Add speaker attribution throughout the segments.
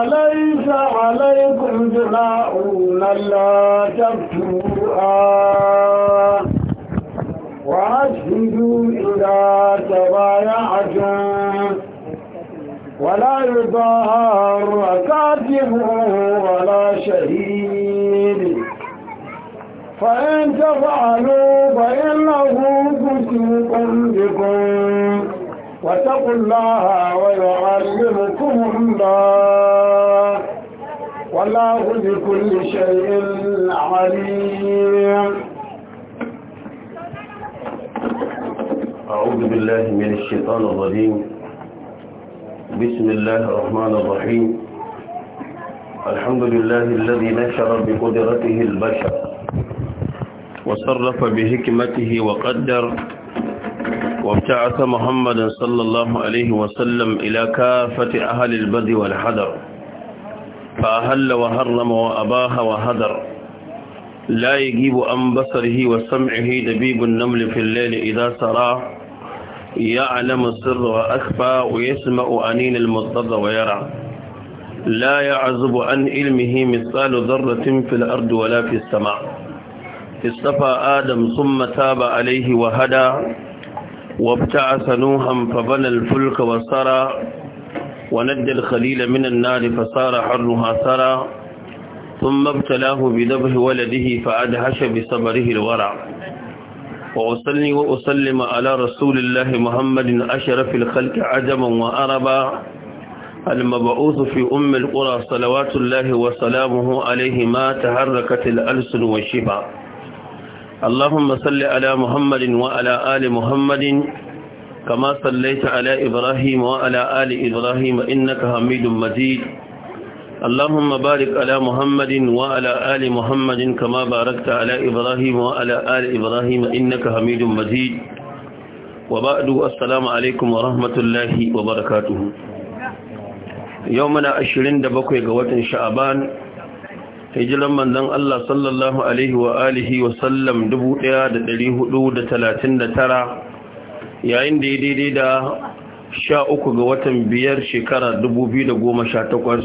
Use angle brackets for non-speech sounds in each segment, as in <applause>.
Speaker 1: وليس عليكم جناح لا تبتوها وأشهدوا إذا تبايعتم ولا يظهر كاتب ولا شهيد فإن تفعلوا فإنه فسوق بكم واتقوا الله ويعلمكم الله والله بكل شيء عليم
Speaker 2: أعوذ بالله من الشيطان الرجيم بسم الله الرحمن الرحيم الحمد لله الذي نشر بقدرته البشر وصرف بحكمته وقدر وابتعث محمدا صلى الله عليه وسلم إلى كافة أهل البر والحذر فأهل وهرم وأباها وهدر لا يجيب عن بصره وسمعه دبيب النمل في الليل إذا سرى يعلم السر وأخفى ويسمع أنين المضطر ويرى لا يعزب عن علمه مثال ذرة في الأرض ولا في السماء اصطفى آدم ثم تاب عليه وهدى وابتعث نوحا فبنى الفلك وسرى ونجى الخليل من النار فصار حرها ثرى ثم ابتلاه بذبح ولده فأدهش بصبره الورع وأصلي وأسلم على رسول الله محمد أشرف الخلق عجما وأربا المبعوث في أم القرى صلوات الله وسلامه عليه ما تحركت الألسن والشفا اللهم صل على محمد وعلى آل محمد كما صليت على إبراهيم وعلى آل إبراهيم إنك حميد مجيد اللهم بارك على محمد وعلى آل محمد كما باركت على إبراهيم وعلى آل إبراهيم إنك حميد مجيد وبعد السلام عليكم ورحمة الله وبركاته يومنا أشرين دبقوا قوات شعبان hijiran manzon Allah sallallahu alaihi wa alihi wa sallam 1439 yayin da ya daidai da sha uku ga watan biyar shekara dubu biyu da goma sha takwas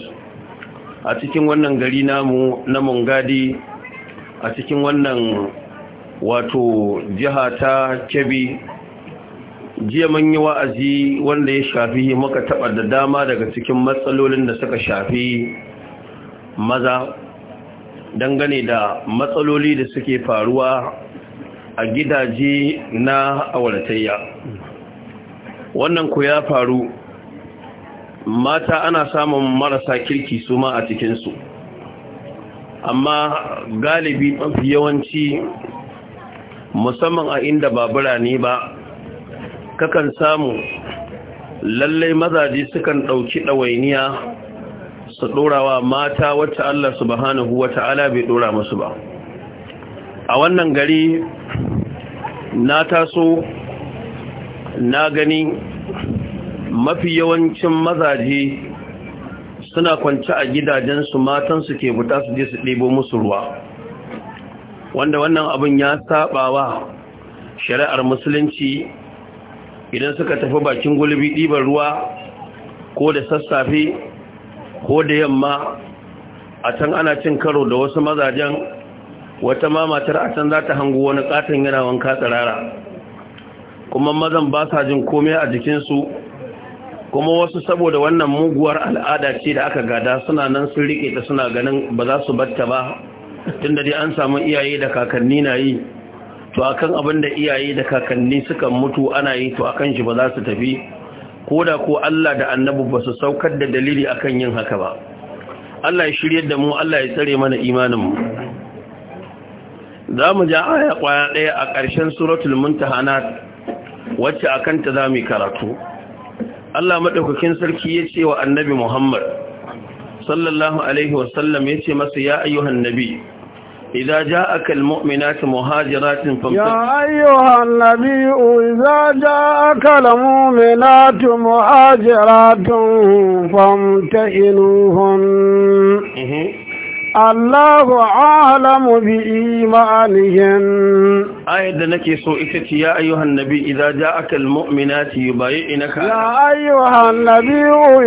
Speaker 2: a cikin wannan gari namu na mungadi a cikin wannan wato jiha ta kebi jiya mun yi wa'azi wanda ya shafi maka taba da dama daga cikin matsalolin da suka shafi maza dangane da matsaloli da suke faruwa a gidaje na auratayya wannan ku ya faru mata ana samun marasa kirki su ma a cikinsu amma galibi mafi yawanci musamman a inda ba birane ba kakan samu lallai mazaje sukan ɗauki ɗawainiya su ɗorawa mata wacce Allah subhanahu wata'ala bai ɗora musu ba a wannan gari na taso na gani mafi yawancin mazaje suna kwanci a gidajensu matansu ke buta su je su ɗebo musu ruwa wanda wannan abin ya saɓawa shari'ar musulunci idan suka tafi bakin gulbi ɗibar ruwa ko da sassafe ko da yamma a can ana cin karo da wasu mazajen wata ma matar a can za ta hango wani katon yana wanka tsirara kuma mazan ba sa jin komai a jikinsu kuma wasu saboda wannan muguwar al'ada ce da aka gada suna nan sun rike ta suna ganin ba za su batta ba tun da dai an samu iyaye da kakanni na yi to akan abin da iyaye da kakanni suka mutu ana yi to akan shi ba za su tafi ko da ko Allah da annabi ba su saukar da dalili akan yin haka ba Allah ya shiryar da mu Allah ya tsare mana imanin mu za mu ja aya kwaya ɗaya a ƙarshen suratul muntahanat wacce a kanta za mu yi karatu Allah maɗaukakin sarki ya ce wa annabi Muhammad sallallahu alaihi wasallam ya ce masa ya ayyuhan nabi إذا جاءك المؤمنات مهاجرات فامتحنهن يا
Speaker 1: أيها النبي إذا جاءك المؤمنات مهاجرات فامتحنوهن الله أعلم بإيمانهم
Speaker 2: آية نكي سوئتك يا أيها النبي إذا جاءك المؤمنات يبايئنك يا
Speaker 1: أيها النبي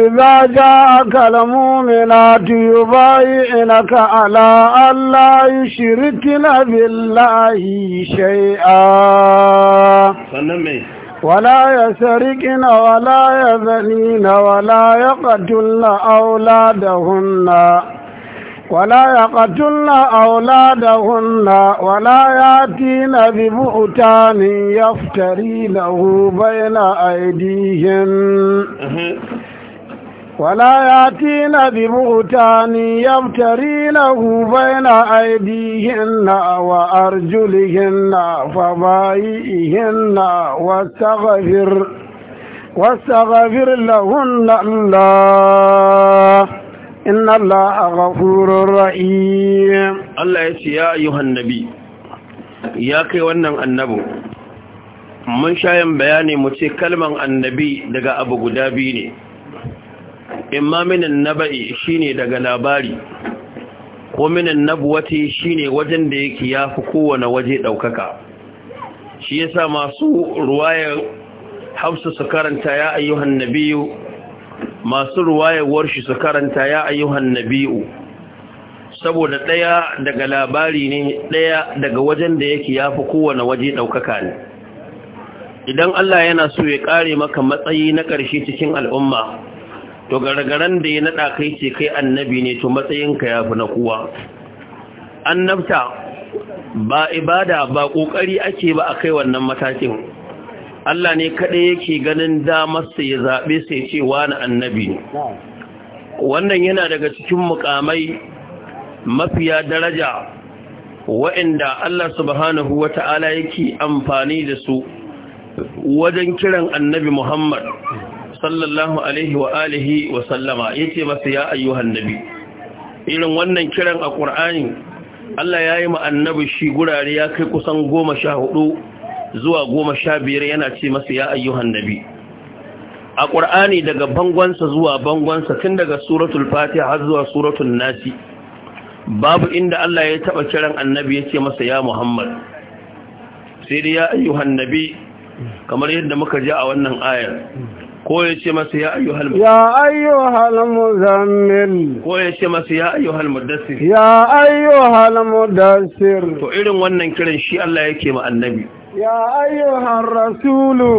Speaker 1: إذا جاءك المؤمنات يبايئنك على أن لا يشركن بالله شيئا سنمي ولا يسرقن ولا يذنين ولا يقتلن أولادهن ولا يقتلن أولادهن ولا يأتين ببؤتان يفترينه بين أيديهن ولا يأتين ببهتان يفترينه بين أيديهن وأرجلهن فبايئهن واستغفر واستغفر لهن الله inna allaha ghafurur rahim
Speaker 2: Allah ya ce ya ayyuhan ya kai wannan annabi mun shayan bayani mu ce kalman annabi daga abu guda biyu ne imma minan shine daga labari ko minan nabuwati shine wajen da yake yafi kowane waje daukaka shi yasa masu ruwayar hafsu su karanta ya ayyuhan nabiyu masu ruwayewar shi su karanta ya ayyuhan nabi'u saboda ɗaya daga labari ne ɗaya daga wajen da yake ya fi kowane waje ɗaukaka ne idan Allah yana so ya ƙare maka matsayi na ƙarshe cikin al'umma to gargaran da ya naɗa kai ce kai annabi ne to matsayinka ya fi na kowa annabta ba ibada ba ƙoƙari ake ba a kai wannan matakin Allah ne kaɗai yake ganin damarsa ya zaɓe sai ce wani annabi wannan yana daga cikin mukamai mafiya daraja wa'inda Allah subhanahu wa ta'ala yake amfani da su wajen kiran annabi Muhammad sallallahu alaihi wa alihi wa sallama yace masa ya ayyu nabi irin wannan kiran a ƙur'ani, Allah ya yi ma annabi shi gurare ya kai kusan goma sha hudu zuwa goma sha biyar yana ce masa ya ayyuhan nabi a ƙur'ani daga bangonsa zuwa bangonsa tun daga suratul fatiha har zuwa suratul nasi babu inda Allah ya taɓa kiran annabi ya ce masa ya muhammad sai dai ya ayyuhan nabi kamar yadda muka ji a wannan ayar ko ya ce masa ya ayyuhal ya ayyuhal muzammil ko ya ce masa ya ayyuhal mudassir ya ayyuhal mudassir to irin wannan kiran shi Allah yake ma annabi
Speaker 1: Ya أيها Rasulu?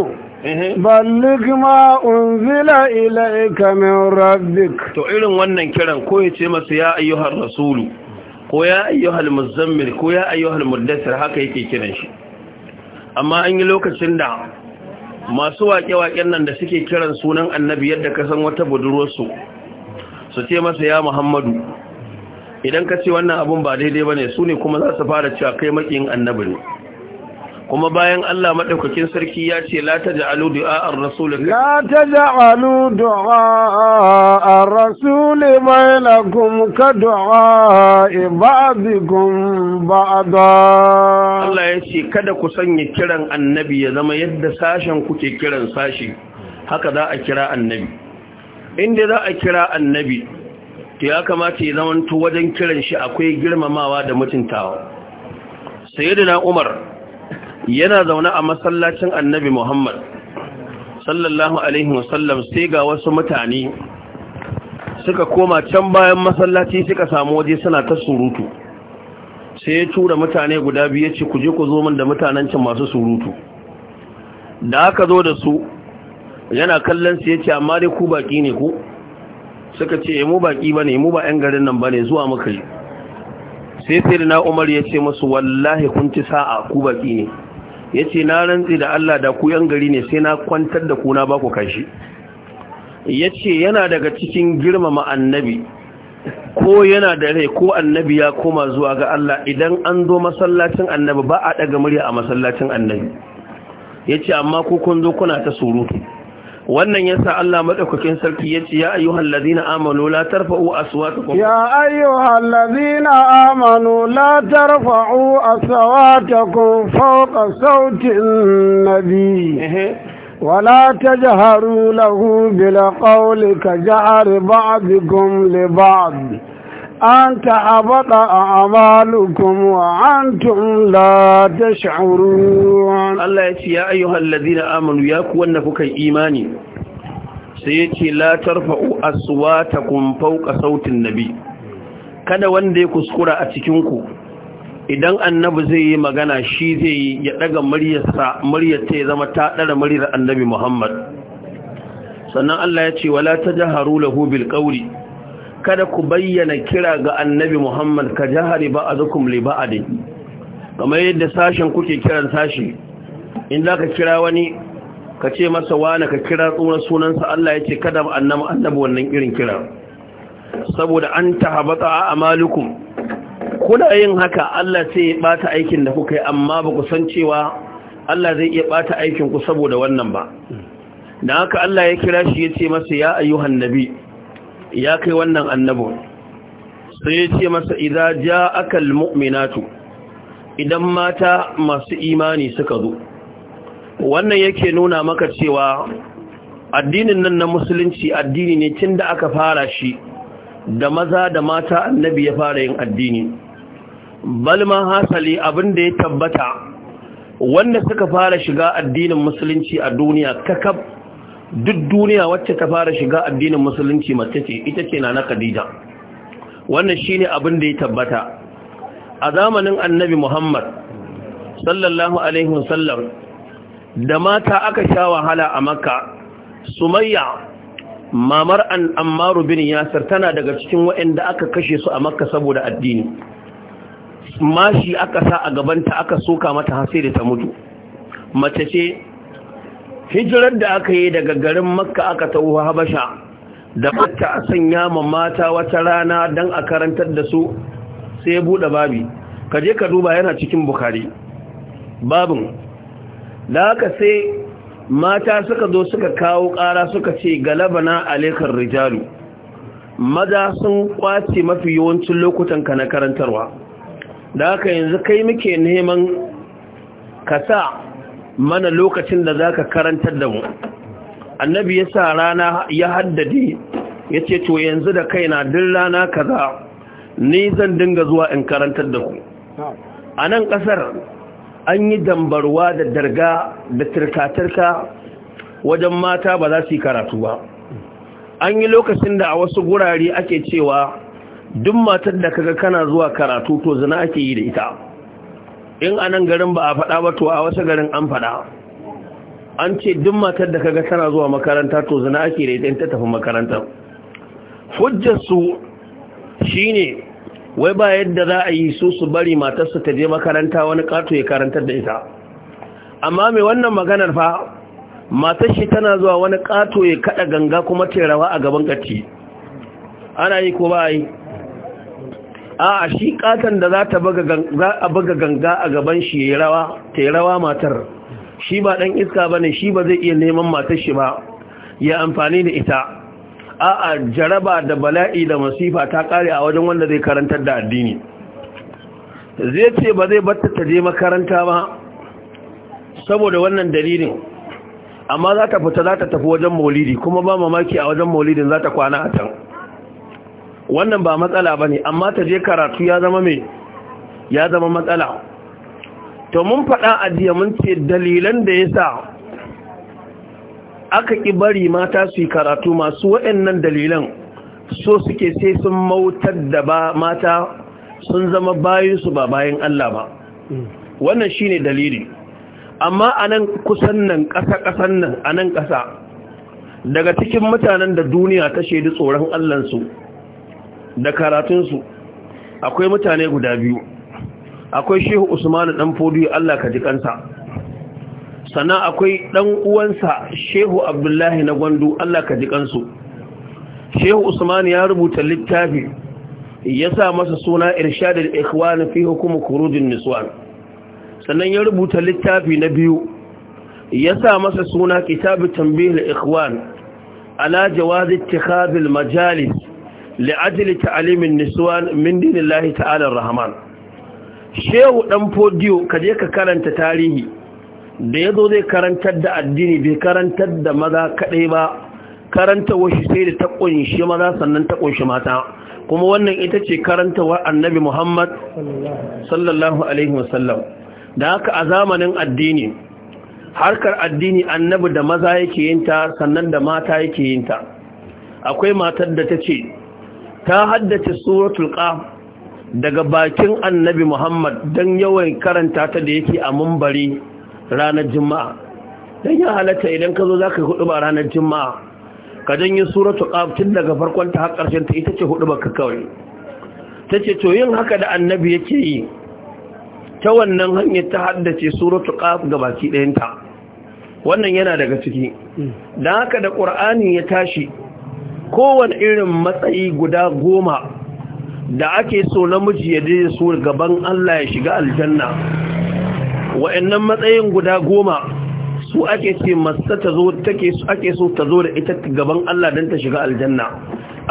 Speaker 1: بلغ ما أنزل إليك من
Speaker 2: ربك to irin wannan kiran ko yace masa ya ayyuhar rasulu ko ya ayyuhal muzammil ko ya ayyuhal muddathir haka yake kiran shi amma an yi lokacin da masu waƙe-waƙen nan da suke kiran sunan annabi yadda ka san wata budurwarsu su ce masa ya muhammadu idan ka ce wannan abun ba daidai ba ne su ne kuma za su fara cewa kai maƙin annabi ne kuma bayan Allah maɗaukakin sarki ya ce la ta ja'alu a rasul
Speaker 1: la ta ja'alu a rasulun mai lagun ka ba a da.
Speaker 2: Allah ya ce kada ku sanya kiran annabi ya zama yadda sashen kuke kiran sashi haka za a kira annabi inda za a kira annabi to ya kamata ya zamanto wajen kiran shi akwai girmamawa da mutuntawa sayyidina Umar yana zaune a masallacin annabi Muhammad sallallahu alaihi wasallam sai ga wasu mutane suka koma can bayan masallaci suka samu waje suna ta surutu sai ya tura mutane guda biyu ya ce ku je ku zo min da mutanen can masu surutu da aka zo da su yana kallon su ya ce amma dai ku baki ne ku suka ce eh, mu baki bane mu ba yan garin nan bane zuwa muka yi sai sai na Umar ya ce musu wallahi kun ci sa'a ku baki ne ya ce na rantsi da Allah da ku yan gari ne sai na kwantar da kuna ba ku kashi ya ce yana daga cikin girmama annabi ko yana da rai ko annabi ya koma zuwa ga Allah idan an zo masallacin annabi ba a daga murya a masallacin annabi ya ce amma ko kun zo kuna ta surutu wannan yasa Allah madaukakin sarki yace ya ayyuhal ladina amanu la tarfa'u aswatakum
Speaker 1: ya ayyuhal ladina amanu la tarfa'u aswatakum fawqa sawti an-nabi ولا تجهروا له بالقول كجهر بعضكم لبعض أن تحبط أعمالكم وأنتم لا تشعرون
Speaker 2: الله يتي يا أيها الذين آمنوا ياكو أنكوك إيماني سيتي لا ترفعوا أصواتكم فوق صوت النبي kada wanda ya kuskura a cikinku idan annabi zai yi magana shi zai ya daga muryarsa muryarta ya zama ta dara muryar annabi Muhammad sannan Allah ya ce wala tajharu lahu bil qawli kada ku bayyana kira ga annabi Muhammad ka jahari ba a zukum li kamar yadda sashen kuke kiran sashi in za ka kira wani ka ce masa wani ka kira tsoron sunansa Allah ya ce kada annabi annabi wannan irin kira saboda an tahabata a amalukum kuna yin haka Allah sai ya bata aikin da kuka yi amma ba ku san cewa Allah zai iya bata aikin ku saboda wannan ba dan haka Allah ya kira shi ya ce masa ya ayyuhan nabi ya kai wannan annabin sai ya ce masa idza ja'aka almu'minatu idan mata masu imani suka zo wannan yake nuna maka cewa addinin nan na musulunci addini ne tunda aka fara shi da maza da mata annabi ya fara yin addini balma hasali abin da ya tabbata wanda suka fara shiga addinin musulunci a duniya kakab duk duniya wacce ta fara shiga addinin musulunci mace ce ita ce na Khadija wannan shine abin da ya tabbata a zamanin Annabi Muhammad sallallahu alaihi wasallam da mata aka sha wahala a Makka Sumayya mamar an Ammaru bin Yasir tana daga cikin waɗanda aka kashe su a Makka saboda addini mashi aka sa a gabanta aka soka mata har da ta mutu mace ce hijirar da aka yi daga garin makka aka taho habasha da mata a sanya ma mata wata rana don a karantar da su sai buɗe babi ka je ka duba yana cikin bukari babin da aka sai mata suka zo suka kawo ƙara suka ce galabana alekar rijalu maza sun kwace mafi yawancin lokutan ka na karantarwa da haka yanzu kai muke neman ka sa mana lokacin da za ka karantar da mu annabi ya sa rana ya haddade ya ce to yanzu da kai na din rana kaza ni zan dinga zuwa in karantar da ku a nan ƙasar an yi dambarwa da darga da turka-turka wajen mata ba za su yi karatu ba an yi lokacin da a wasu gurare ake cewa duk matar da kaga kana zuwa karatu to zina ake yi da ita in a nan garin ba a faɗa ba to a wasu garin an faɗa an ce duk matar da kaga tana zuwa makaranta to zina ake da ita in ta tafi makaranta hujjarsu shine wai ba yadda za a yi su su bari matarsu ta je makaranta wani ƙato ya karantar da ita amma mai wannan maganar fa matar shi tana zuwa wani ƙato ya kaɗa ganga kuma ta rawa a gaban ƙarci ana yi ko ba yi a shi katon da za ta buga ganga a gaban shi ya rawa ta rawa matar shi ba dan iska ba ne shi ba zai iya neman matar shi ba ya amfani da ita a a jaraba da bala'i da masifa ta kare a wajen wanda zai karantar da addini zai ce ba zai batta ta je makaranta ba saboda wannan dalilin amma za ta fita za ta tafi wajen maulidi kuma ba mamaki a wajen maulidin za ta kwana a can wannan ba matsala ba ne amma ta je karatu ya zama mai ya zama matsala to mun faɗa a jiya mun ce dalilan da ya sa aka ƙi bari mata su yi karatu masu waɗannan dalilan so suke sai sun mautar da ba mata sun zama su ba bayan Allah ba wannan shi ne dalili amma a nan kusan nan ƙasa-ƙasan nan a nan ƙasa daga cikin mutanen da duniya ta shaidu tsoron Allahnsu da karatunsu akwai mutane guda biyu akwai shehu usmanu dan fodiyo Allah ka ji kansa sannan akwai dan uwansa shehu abdullahi na gwandu Allah ka ji kansu shehu usmanu ya rubuta littafi ya sa masa suna irshadul ikhwan fi hukum khurujin niswan sannan ya rubuta littafi na biyu ya sa masa suna kitabu tanbihul ikhwan ala jawazi ittikhadul majalis li'ajili ta'alimin niswan min dinillahi ta'ala rahman shehu dan fodiyo kaje ka karanta tarihi da yazo zai karantar da addini bai karantar da maza kadai ba karanta washi sai da ta kunshi maza sannan ta kunshi mata kuma wannan ita ce karantawar annabi Muhammad sallallahu alaihi wasallam da haka a zamanin addini harkar addini annabi da maza yake yinta sannan da mata yake yinta akwai matar da ta ce ta haddace suratul qaf daga bakin annabi Muhammad dan yawan karanta ta da yake a mumbari ranar juma'a dan ya halatta idan ka zo zaka hudu ba ranar juma'a ka janye suratul qaf tun daga farkon ta har karshen ta ita ce hudu ba ka kawai tace to yin haka da annabi yake yi ta wannan hanyar ta haddace suratu qaf ga baki ɗayanta wannan yana daga ciki dan haka da qur'ani ya tashi kowane irin matsayi guda goma da ake so namiji ya je su gaban Allah ya shiga aljanna wa'annan matsayin guda goma su ake ce masta ta zo take su ake so ta zo da ita gaban Allah don ta shiga aljanna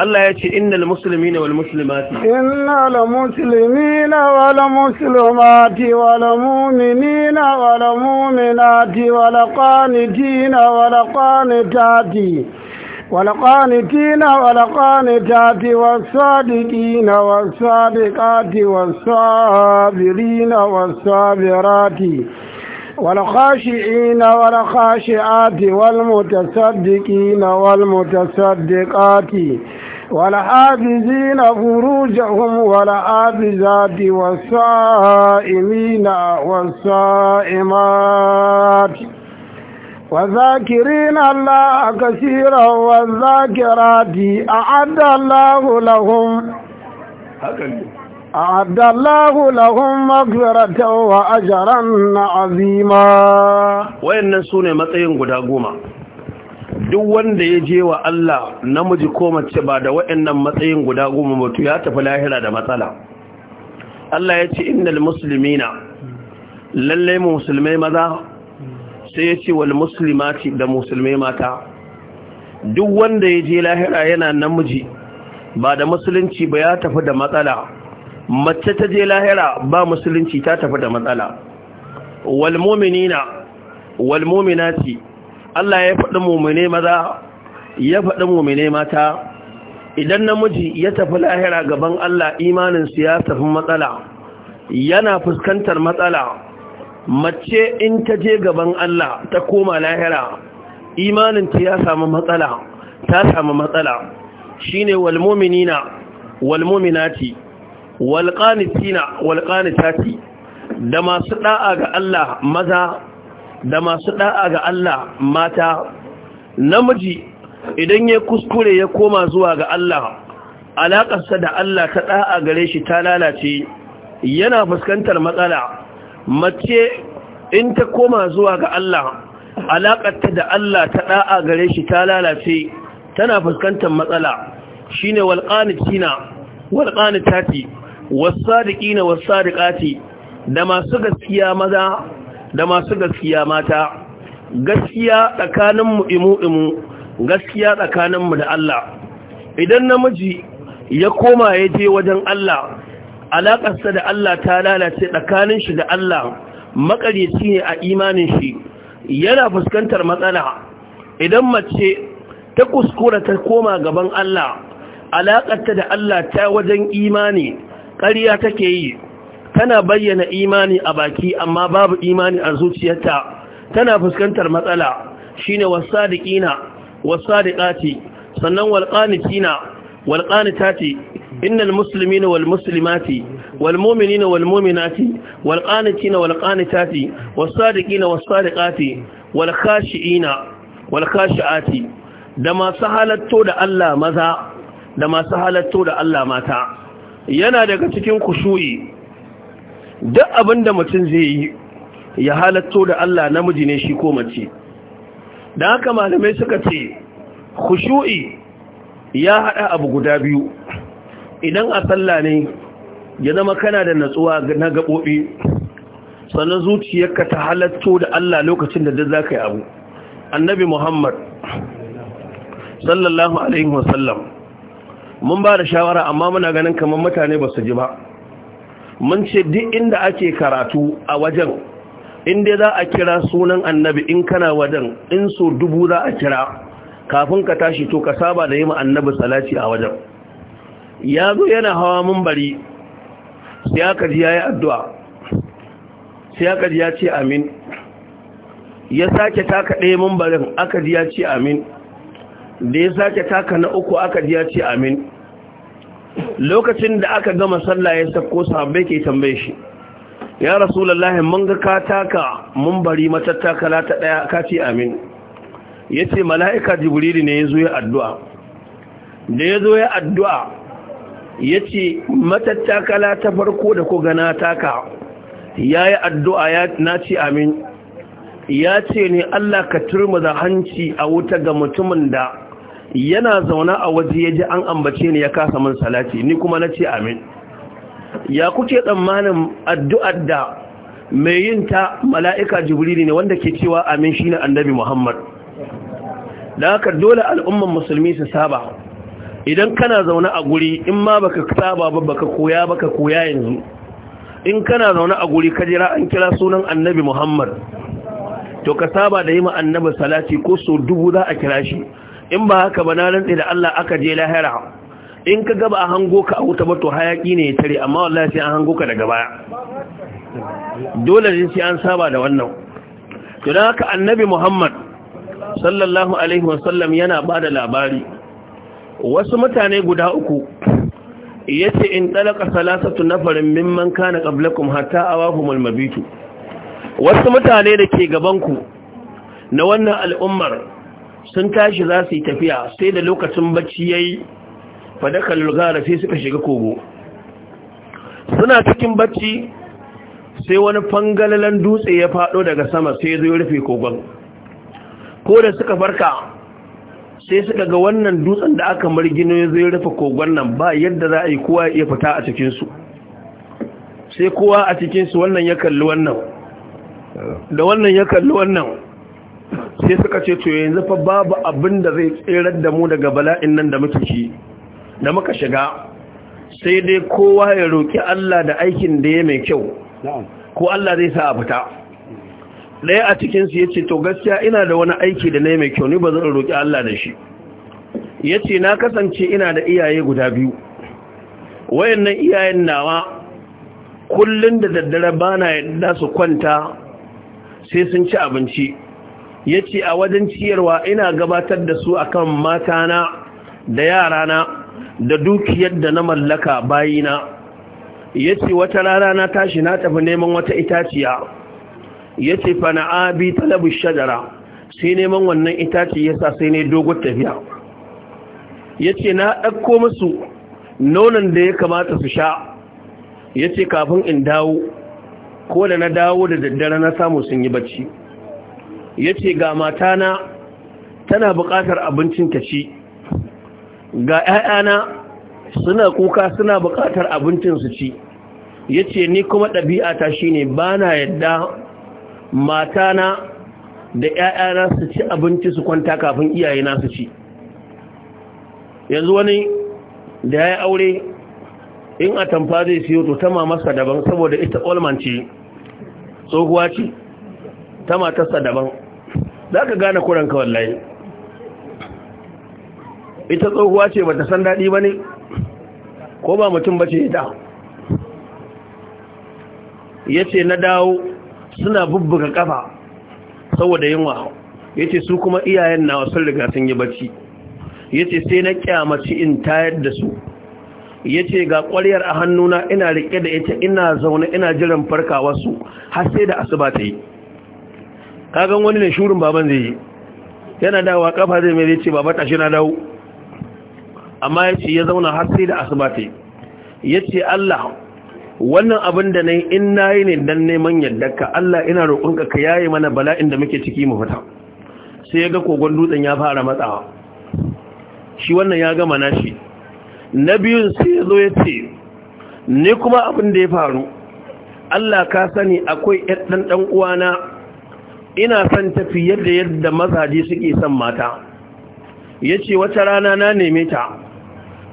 Speaker 2: Allah ya ce innal muslimina wal muslimati
Speaker 1: innal muslimina wal muslimati wal mu'minina wal mu'minati wal qanitina wal qanitati والقانتين والقانتات والصادقين والصادقات والصابرين والصابرات والخاشعين والخاشعات والمتصدقين والمتصدقات والحافزين فروجهم والحافزات والصائمين والصائمات وذاكرين الله كثيرا والذاكرات أعد الله لهم أعد الله لهم
Speaker 2: مغفرة وأجرا عظيما وإن سوني متين قد duk wanda ya je wa Allah namiji ko mace ba da waɗannan matsayin guda goma mutu ya tafi lahira da matsala Allah ya ce innal muslimina lallai musulmai maza sai ya ce wal muslimati da musulmai mata duk wanda ya je lahira yana namiji ba da musulunci ba ya tafi da matsala mace ta je lahira ba musulunci ta tafi da matsala wal mu'minina wal mu'minati Allah ya faɗi mu'mine maza ya faɗi mu'mine mata idan namiji ya tafi lahira gaban Allah imanin su ya tafi matsala yana fuskantar matsala mace in ta je gaban Allah ta koma lahira imaninta ya samu matsala ta samu matsala shine wal mu'minina wal mu'minati wal qanitina da masu da'a ga Allah maza da masu da'a ga Allah mata namiji idan ya kuskure ya koma zuwa ga Allah alaƙarsa da Allah ta ɗa'a gare shi ta lalace yana fuskantar matsala mace in ta koma zuwa ga Allah alaƙarta da Allah ta ɗa'a gare shi ta lalace tana fuskantar matsala shi ne walƙani tati wasaɗiƙi wasaɗiƙati da masu gaskiya maza da masu gaskiya mata gaskiya tsakaninmu imu-imu gaskiya tsakaninmu da Allah idan namiji ya koma ya je wajen Allah alaƙarsa da Allah ta lalace tsakanin shi da Allah makaryaci ne a imanin shi yana fuskantar matsala idan mace ta kuskura ta koma gaban Allah alaƙarta da Allah ta wajen imani ƙarya take yi tana bayyana imani a baki amma babu imani a zuciyarta tana fuskantar matsala shine wasadiqina wasadiqati sannan walqanitina walqanitati إن المسلمين والمسلمات والمؤمنين والمؤمنات والقانتين والقانتات والصادقين والصادقات والخاشئين والخاشعات da masu halatto da Allah maza da masu halatto da Allah mata yana daga cikin kushu'i duk abin da mutum zai yi ya halatto da Allah namiji ne shi ko mace da haka malamai suka ce kushu'i ya haɗa abu guda biyu idan a sallah ne ya zama kana da natsuwa na gaɓoɓi sannan zuciyarka ta halatto da Allah lokacin da duk za ka yi abu annabi muhammad sallallahu alaihi wasallam mun ba da shawara amma muna ganin kamar mutane ba su ji ba mun ce duk inda ake karatu a wajen inda za a kira sunan annabi in kana wajen in so dubu za a kira kafin ka tashi to ka saba da yi ma annabi salati a wajen ya zo yana hawa mumbari sai aka ji ya yi addu'a sai aka ji ya ce amin ya sake taka ɗaya mumbarin aka ji ya ce amin da ya sake taka na uku aka ji ya ce amin lokacin da aka gama sallah ya sako sahabbai ke tambaye shi ya lallahi mun ga ka taka mumbari matattakala ta ɗaya ka ce amin ya ce mala'ika jibril ne ya zo ya addu'a da ya zo ya addu'a ya ce matattakala ta farko da ko gana taka ya yi addu'a na ce amin ya ce ne Allah ka turmuza hanci a wuta ga mutumin da yana zauna a waje ya ji an ambace ne ya kasa min salati ni kuma na ce amin ya kuke tsammanin addu'ar da mai yin ta mala'ika jibrili ne wanda ke cewa amin shi ne annabi muhammad da haka dole al'umman musulmi su saba idan kana zaune a guri in ma baka saba ba baka koya baka koya yanzu in kana zaune a guri ka jira an kira sunan annabi Muhammad to ka saba da yi ma annabi salati ko so dubu za a kira shi in ba haka ba na rantsi da Allah aka je lahira in ka gaba a hango ka a wuta ba to hayaki ne ya tare amma wallahi sai an hango ka daga baya dole ne sai an saba da wannan to dan haka annabi Muhammad sallallahu alaihi wasallam yana bada labari wasu mutane guda uku ya ce in ɗalaka salasatu na farin mimman kana hata a awahumul mabitu wasu mutane da ke gabanku na wannan al'ummar sun tashi za su yi tafiya sai da lokacin bacci ya yi fadakar lulgara sai suka shiga kogo suna cikin bacci sai wani fangalalan dutse ya faɗo daga sama sai zai rufe kogon ko da suka farka sai suka ga wannan dutsen da aka margino ya zai rufe kogon nan ba yadda za a yi kowa ya fita a cikinsu sai kowa a cikinsu wannan ya kalli wannan da wannan ya kalli wannan sai suka ce to yanzu fa babu abin da zai tserar da mu daga bala'in nan da muke shi da muka shiga sai dai kowa ya roƙi Allah da aikin da ya mai kyau ko Allah zai sa a fita ɗaya a cikinsu ya ce to gaskiya ina da wani aiki da na mai kyau ni ba zan roƙi Allah da shi ya ce na kasance ina da iyaye guda biyu wayannan iyayen nawa kullum da daddare ba na yadda su kwanta sai sun ci abinci ya ce a wajen ciyarwa ina gabatar da su akan matana da yarana da dukiyar da na mallaka bayina ya ce wata rana na tashi na tafi neman wata itaciya ya ce fana abi talabu shajara sai neman wannan itace ya sa sai ne dogon tafiya Yace ce na ɗauko musu nonon da ya kamata su sha Yace kafin in dawo ko da na dawo da daddare na samu sun yi bacci Yace ga matana tana buƙatar abincin ta ci ga 'ya'yana suna kuka suna buƙatar abincin su ci Yace ni kuma ɗabi'ata shi ne ba na yadda matana da ‘ya'yana su ci abinci su kwanta kafin iyaye na su ci yanzu wani da ya yi aure in a tamfa zai siyo to ta masa daban saboda ita olmanci tsohuwa ce ta matarsa daban za ka gane kuranka layi ita tsohuwa ce ba ta san daɗi ba ne ko ba mutum ba ce ita ya ce na dawo suna bubbuga kafa saboda yunwa yace su kuma iyayen nawa sun riga sun yi bacci yace sai na kyamaci in tayar da su yace ga ƙwaryar a hannuna ina rike da ita ina zaune ina jiran farkawa su har sai da asuba ta yi kagan wani ne shurin baban zai yi yana dawowa kafa zai mai ce baba tashi na dawo amma yace ya zauna har sai da asuba ta yi yace Allah wannan abin da nayi in nayi ne dan neman ka, Allah ina roƙonka ka yaye mana bala'in da muke ciki mu fita sai ya ga kogon dutsen ya fara matsawa shi wannan ya gama nashi na biyun sai ya zo ya ce ni kuma abin da ya faru Allah ka sani akwai ɗan ɗan uwana ina son tafi yadda yadda mazaje suke son mata Ya ce wata rana na neme ta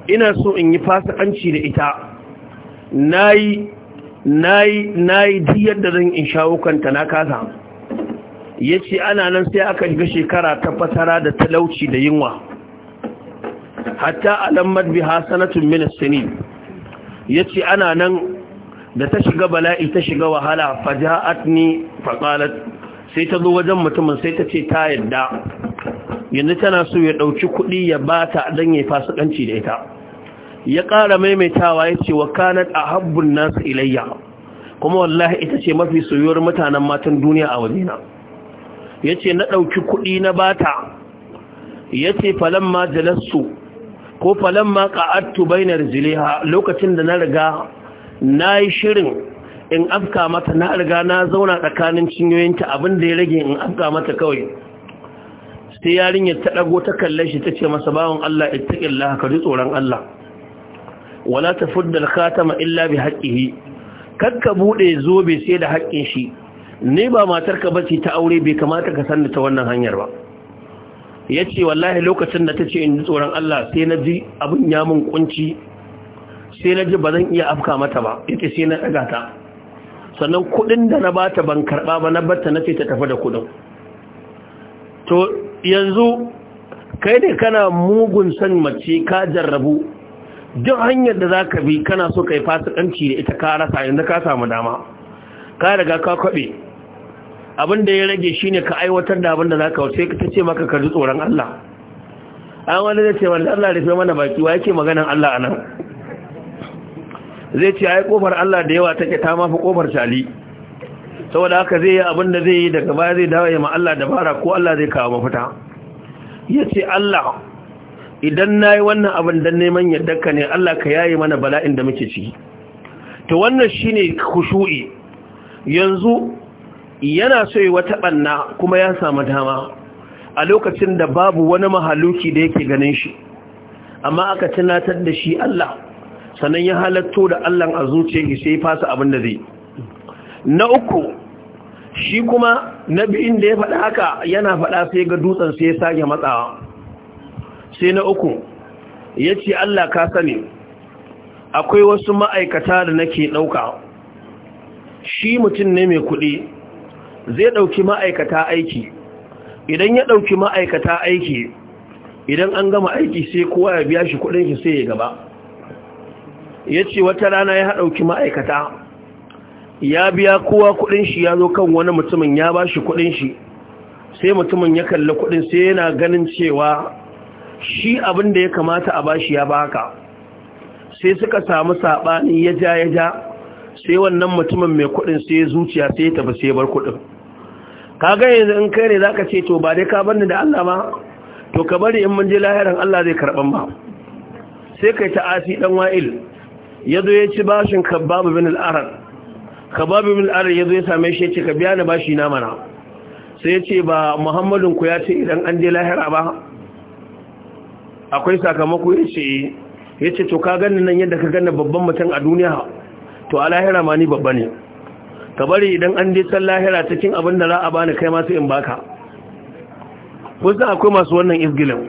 Speaker 2: ina so in yi fasikanci da ita Na yi diyar duk zan in shawo kanta na kasa Ya ce ana nan sai aka shiga shekara ta fatara da talauci da yunwa hatta alamar biha sanatun min ya ce ana nan da ta shiga bala'i ta shiga wahala ni faƙalat sai ta zo wajen mutumin sai ta ce ta yadda yanzu tana so ya ɗauki kuɗi ya bata dan yayi fasikanci da ita ya ƙara maimaitawa ya ce wa kanat a habbun nasu ilayya kuma wallahi ita ce mafi soyuwar mutanen matan duniya a wajena ya ce na ɗauki kuɗi na bata ya ce falon ma jalassu ko falon ma ƙa'attu bainar jiliha lokacin da na riga na yi shirin in afka mata na riga na zauna tsakanin cinyoyinta abin da ya rage in afka mata kawai sai yarinyar ta ɗago ta kalle shi ta ce masa bawan Allah ittaqillaha ka ji tsoron Allah wala ta al-khatama illa bi haqqihi kakka bude zobe sai da haƙƙin shi ne ba matarka bace ta aure bai kamata ka sanda ta wannan hanyar ba yace wallahi lokacin da ta ce in tsoron Allah sai na ji abin ya mun kunci sai na ji ba zan iya afka mata ba yace sai na daga ta sannan kuɗin da na bata ban karba ba na batta ce ta tafi da kudin to yanzu kai ne kana mugun san mace ka jarrabu duk hanyar da za ka bi kana so ka yi fasikanci da ita ka rasa yanzu ka samu dama ka riga ka kwaɓe abinda ya rage shi ne ka aiwatar da abinda za ka wuce ta ce maka ka tsoron Allah an wani zai ce wanda Allah fi mana baki wa yake maganin Allah a nan zai ce ai kofar Allah da yawa take ta mafi kofar shali saboda haka zai yi abinda zai yi daga baya zai dawo ya ma Allah dabara ko Allah zai kawo mafita ya ce Allah idan na yi wannan abin don neman yadda ne Allah ka yaye mana bala'in da muke ciki Ta wannan shi ne kushu'i yanzu yana so yi wata ɓanna kuma ya samu dama a lokacin da babu wani mahaluki da yake ganin shi amma aka tunatar da shi Allah sannan ya halatto da Allah a zuciyarki sai fasa abin da zai na uku shi kuma na biyun da ya faɗa haka yana faɗa sai ga dutsen sai ya sage matsawa sai na uku ya ce Allah ka sani akwai wasu ma'aikata da nake ɗauka shi mutum ne mai kuɗi zai ɗauki ma'aikata aiki idan ya ɗauki ma'aikata aiki idan an gama aiki sai kowa ya biya shi kuɗin shi sai ya gaba ya ce wata rana ya ɗauki ma'aikata ya biya kowa kuɗin shi ya zo kan wani mutumin ya ba shi kuɗin shi sai mutumin ya kalli kuɗin sai yana ganin cewa shi abin da ya kamata a bashi ya baka sai suka samu saɓani ya ja ya ja sai wannan mutumin mai kuɗin sai ya zuciya sai ya tafi sai ya bar Ka kaga yanzu in kai ne zaka ce to ba dai ka bar ni da Allah ba to ka bari in mun je lahirin Allah zai karban ba sai kai ta asi dan wa'il yazo ya ci bashin kabab bin al-arad bin al-arad yazo ya same shi ya ce ka biya ni bashi na mana sai ya ce ba Muhammadunku ku ya ce idan an je lahira ba akwai sakamako ya ce ya ce to ka gani nan yadda ka gani babban mutum a duniya to a lahira ma ni babba ne ka bari idan an dai san lahira cikin abin da za a bani kai masu in baka kusan akwai masu wannan izgilin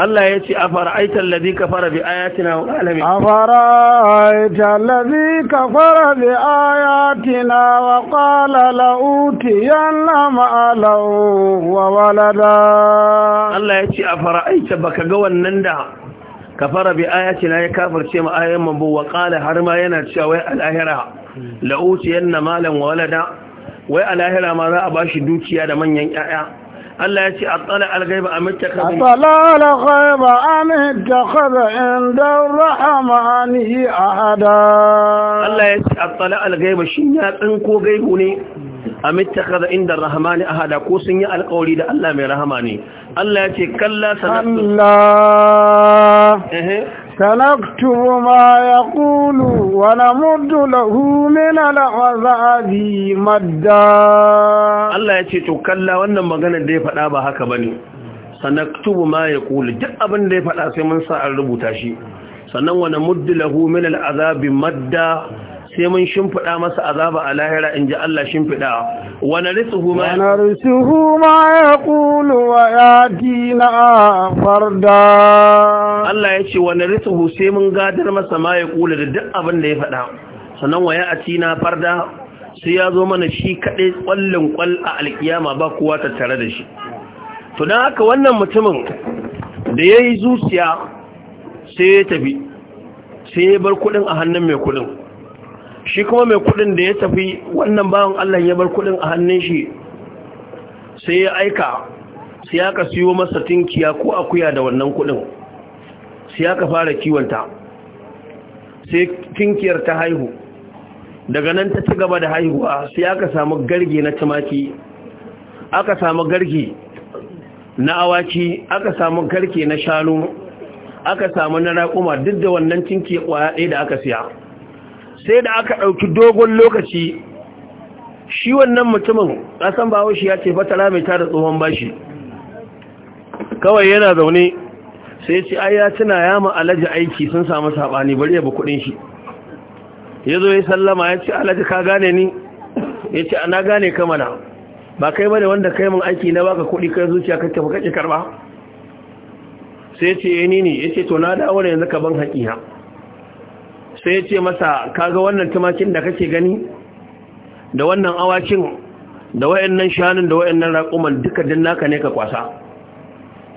Speaker 2: Allah ya ce a afara'aitar ladhi kafara bi ayatina wa A
Speaker 1: afara'aitar ladhi kafara bi ayatina wa qala la utiyanna ma'ala wa walada
Speaker 2: Allah ya ce a afara'aita baka ga wannan da kafara bi ayatina ya kafirce ma ayan mu wa qala har ma yana cewa wai alahira la utiyanna malan wa walada wai alahira ma za a ba shi dukiya da manyan 'ya'ya. Allah ya ce a tsala algaiba a mittaka a
Speaker 1: tsala algaiba a mittaka da inda
Speaker 2: rahamani a hada Allah ya ce a tsala algaiba shi ya tsinko gaibu ne a mittaka da inda rahamani a hada ko sun yi alkawari da Allah mai rahama ne Allah ya ce kalla sanatu Allah سنكتب
Speaker 1: ما يقول ونمد له من العذاب
Speaker 2: مدا الله yace تو كلا wannan magana da ya faɗa ba haka bane sanaktubu ma yaqulu duk abin da ya faɗa sai mun sa an rubuta shi sannan wa muddu lahu min madda sai mun shimfiɗa masa azaba a lahira in ji Allah shimfiɗa wani risuhu ma ya risuhu ma ya kulu wa ya farda Allah ya ce wani risuhu sai mun gadar masa ma ya kula da duk abin da ya faɗa sannan wa ya a tina farda sai ya zo mana shi kaɗai ƙwallon ƙwal a alƙiyama ba kowa ta tare da shi to don haka wannan mutumin da ya yi zuciya sai ya tafi sai ya bar kuɗin a hannun mai kuɗin shi kuma mai kudin da ya tafi wannan bawan Allah ya bar kudin a hannun shi sai ya aika sai ya ka siyo masa tinkiya ko akuya da wannan kudin sai ya ka fara kiwanta sai tinkiyar ta haihu daga nan ta ci gaba da haihuwa sai aka samu garge na tumaki aka samu garge na awaki aka samu garge na shanu aka samu na raƙuma duk da wannan tinkiya ƙwaya ɗaya da aka siya sai da aka ɗauki dogon lokaci shi wannan mutumin ƙasan bahaushe ya ce fatara ta da tsohon bashi kawai yana zaune sai ce ai ya tuna ya ma'alaji aiki sun samu saɓani bari ya bi shi ya zo ya sallama ya ce alaji ka gane ni ya ce ana gane ka mana ba kai bane wanda kai mun aiki na baka kuɗi kai zuciya ka tafi kake karɓa sai ce ya eh, ni ne ya ce to na dawo da yanzu ka ban haƙi ha sai ya ce masa kaga wannan tumakin da kake gani da wannan awakin da wayannan shanun da wayannan raƙuman duka din naka ne ka kwasa